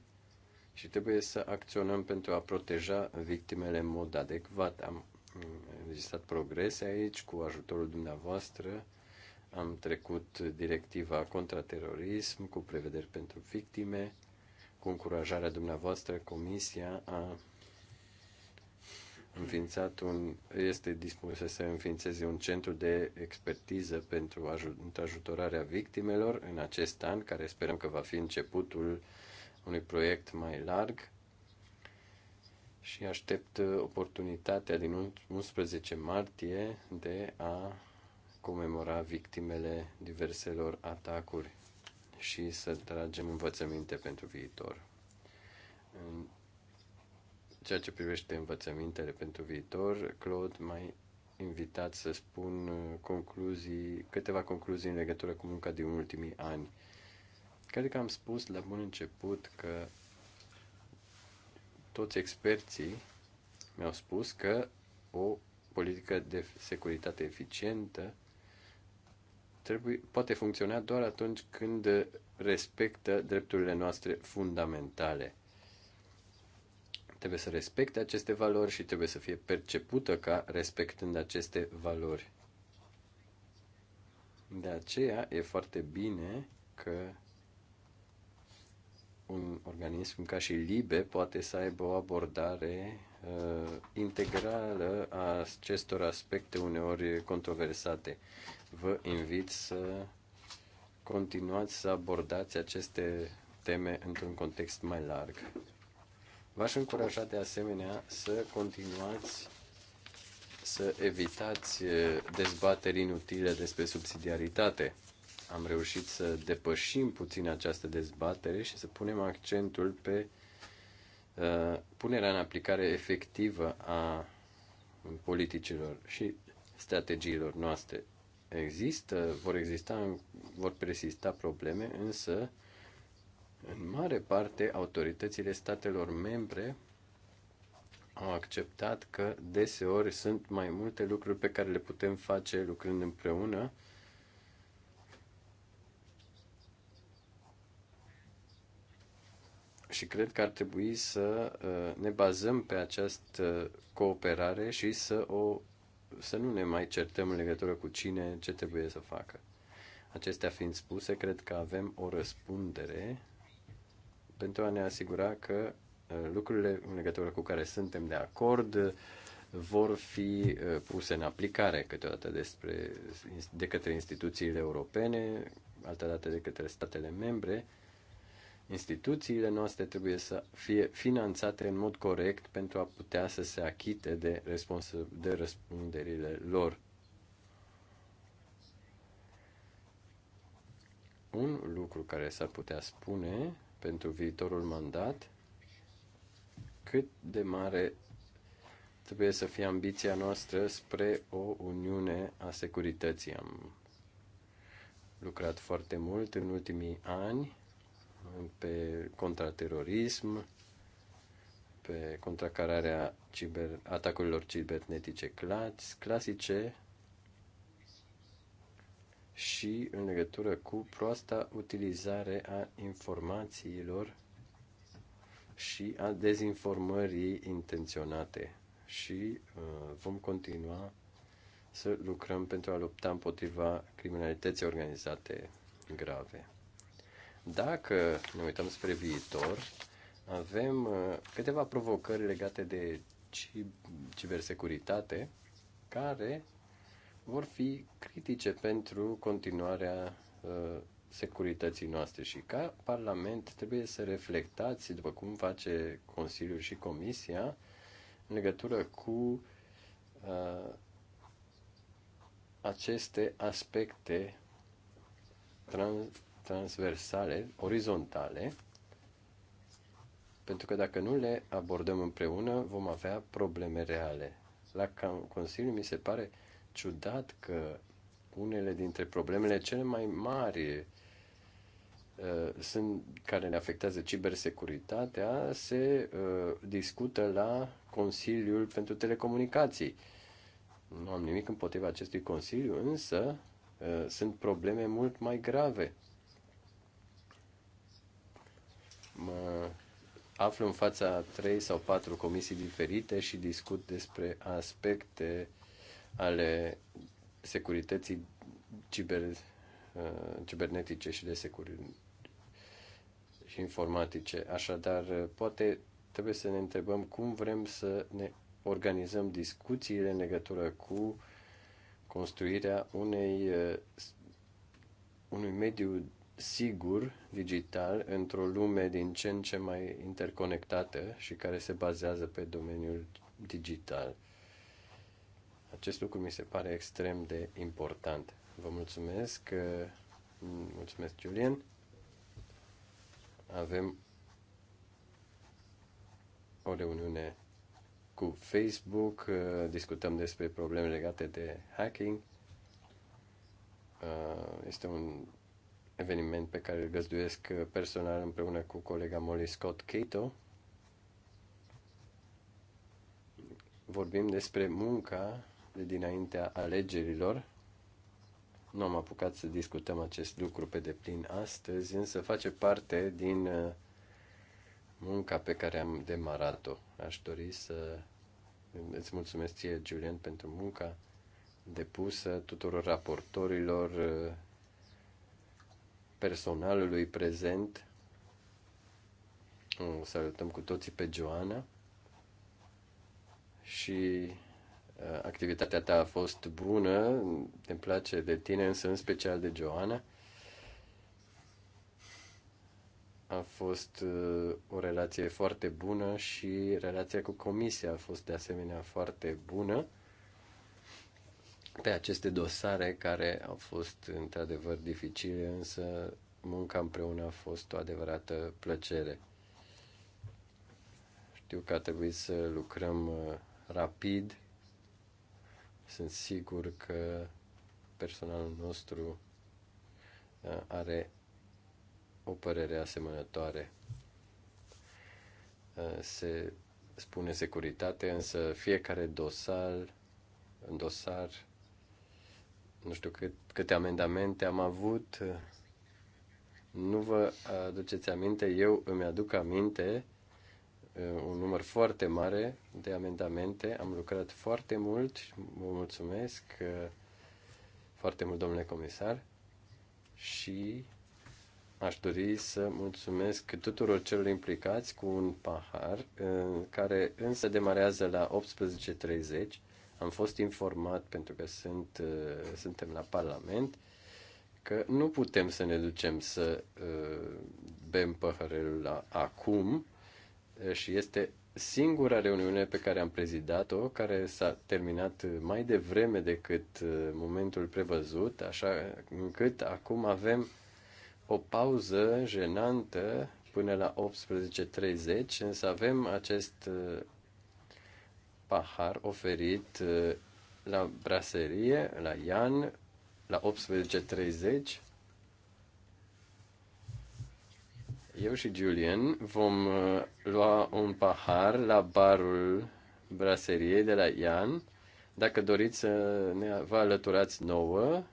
și trebuie să acționăm pentru a proteja victimele în mod adecvat. Am mm, înregistrat progrese aici cu ajutorul dumneavoastră am trecut directiva contraterorism cu prevederi pentru victime. Cu încurajarea dumneavoastră, Comisia a înființat un, este dispusă să înființeze un centru de expertiză pentru ajutorarea victimelor în acest an, care sperăm că va fi începutul unui proiect mai larg și aștept oportunitatea din 11 martie de a comemora victimele diverselor atacuri și să tragem învățăminte pentru viitor. În ceea ce privește învățămintele pentru viitor, Claude mai invitat să spun concluzii, câteva concluzii în legătură cu munca din ultimii ani. Cred că am spus la bun început că toți experții mi-au spus că o politică de securitate eficientă trebuie, poate funcționa doar atunci când respectă drepturile noastre fundamentale. Trebuie să respecte aceste valori și trebuie să fie percepută ca respectând aceste valori. De aceea e foarte bine că un organism ca și LIBE poate să aibă o abordare Uh, integrală a acestor aspecte uneori controversate. Vă invit să continuați să abordați aceste teme într-un context mai larg. V-aș încuraja de asemenea să continuați să evitați uh, dezbateri inutile despre subsidiaritate. Am reușit să depășim puțin această dezbatere și să punem accentul pe Uh, punerea în aplicare efectivă a politicilor și strategiilor noastre. Există, vor exista, vor persista probleme, însă, în mare parte, autoritățile statelor membre au acceptat că deseori sunt mai multe lucruri pe care le putem face lucrând împreună și cred că ar trebui să uh, ne bazăm pe această cooperare și să, o, să nu ne mai certăm în legătură cu cine ce trebuie să facă. Acestea fiind spuse, cred că avem o răspundere pentru a ne asigura că uh, lucrurile în legătură cu care suntem de acord uh, vor fi puse în aplicare câteodată despre, de către instituțiile europene, altădată de către statele membre, Instituțiile noastre trebuie să fie finanțate în mod corect pentru a putea să se achite de, respons- de răspunderile lor. Un lucru care s-ar putea spune pentru viitorul mandat, cât de mare trebuie să fie ambiția noastră spre o uniune a securității. Am lucrat foarte mult în ultimii ani pe contraterorism, pe contracararea ciber, atacurilor cibernetice clasice și în legătură cu proasta utilizare a informațiilor și a dezinformării intenționate. Și uh, vom continua să lucrăm pentru a lupta împotriva criminalității organizate grave. Dacă ne uităm spre viitor, avem uh, câteva provocări legate de cibersecuritate care vor fi critice pentru continuarea uh, securității noastre și ca Parlament trebuie să reflectați, după cum face Consiliul și Comisia, în legătură cu uh, aceste aspecte trans- transversale, orizontale, pentru că dacă nu le abordăm împreună, vom avea probleme reale. La Consiliu mi se pare ciudat că unele dintre problemele cele mai mari uh, sunt, care le afectează cibersecuritatea se uh, discută la Consiliul pentru Telecomunicații. Nu am nimic împotriva acestui Consiliu, însă uh, sunt probleme mult mai grave mă aflu în fața trei sau patru comisii diferite și discut despre aspecte ale securității ciber, uh, cibernetice și de securitate și informatice. Așadar, poate trebuie să ne întrebăm cum vrem să ne organizăm discuțiile în legătură cu construirea unei, uh, unui mediu sigur digital într-o lume din ce în ce mai interconectată și care se bazează pe domeniul digital. Acest lucru mi se pare extrem de important. Vă mulțumesc, uh, mulțumesc Julian. Avem o reuniune cu Facebook, uh, discutăm despre probleme legate de hacking. Uh, este un eveniment pe care îl găzduiesc uh, personal împreună cu colega Molly Scott Cato. Vorbim despre munca de dinaintea alegerilor. Nu am apucat să discutăm acest lucru pe deplin astăzi, însă face parte din uh, munca pe care am demarat-o. Aș dori să îți mulțumesc ție, Julian, pentru munca depusă tuturor raportorilor uh, personalului prezent. O salutăm cu toții pe Joana și uh, activitatea ta a fost bună, îmi place de tine, însă în special de Joana. A fost uh, o relație foarte bună și relația cu comisia a fost de asemenea foarte bună pe aceste dosare care au fost într-adevăr dificile, însă munca împreună a fost o adevărată plăcere. Știu că a trebuit să lucrăm uh, rapid. Sunt sigur că personalul nostru uh, are o părere asemănătoare. Uh, se spune securitate, însă fiecare dosar, dosar nu știu cât, câte amendamente am avut. Nu vă aduceți aminte, eu îmi aduc aminte uh, un număr foarte mare de amendamente. Am lucrat foarte mult și vă mulțumesc uh, foarte mult, domnule comisar. Și aș dori să mulțumesc tuturor celor implicați cu un pahar uh, care însă demarează la 18.30 am fost informat pentru că sunt, uh, suntem la Parlament că nu putem să ne ducem să uh, bem păhărelul la acum uh, și este singura reuniune pe care am prezidat-o, care s-a terminat mai devreme decât momentul prevăzut, așa încât acum avem o pauză jenantă până la 18.30, însă avem acest pahar oferit uh, la braserie, la Ian, la 18.30. Eu și Julian vom uh, lua un pahar la barul braseriei de la Ian. Dacă doriți să ne vă alăturați nouă,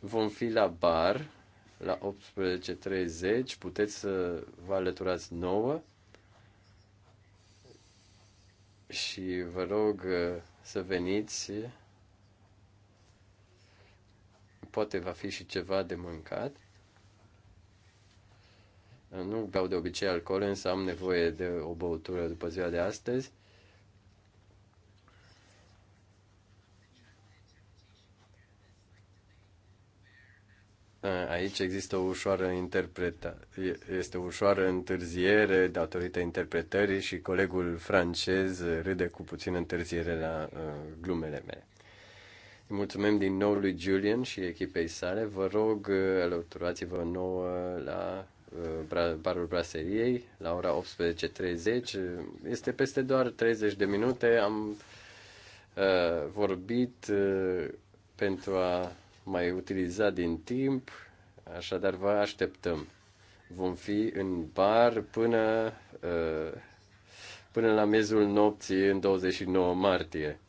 vom fi la bar la 18.30. Puteți să vă alăturați nouă și vă rog uh, să veniți. Poate va fi și ceva de mâncat. Nu beau de obicei alcool, însă am nevoie de o băutură după ziua de astăzi. Aici există o ușoară interpretare. este o ușoară întârziere datorită interpretării și colegul francez râde cu puțină întârziere la uh, glumele mele. mulțumim din nou lui Julian și echipei sale. Vă rog, uh, alăturați-vă nouă la uh, barul braseriei la ora 18.30. Este peste doar 30 de minute. Am uh, vorbit uh, pentru a mai utiliza din timp, așadar vă așteptăm. Vom fi în bar până, uh, până la miezul nopții în 29 martie.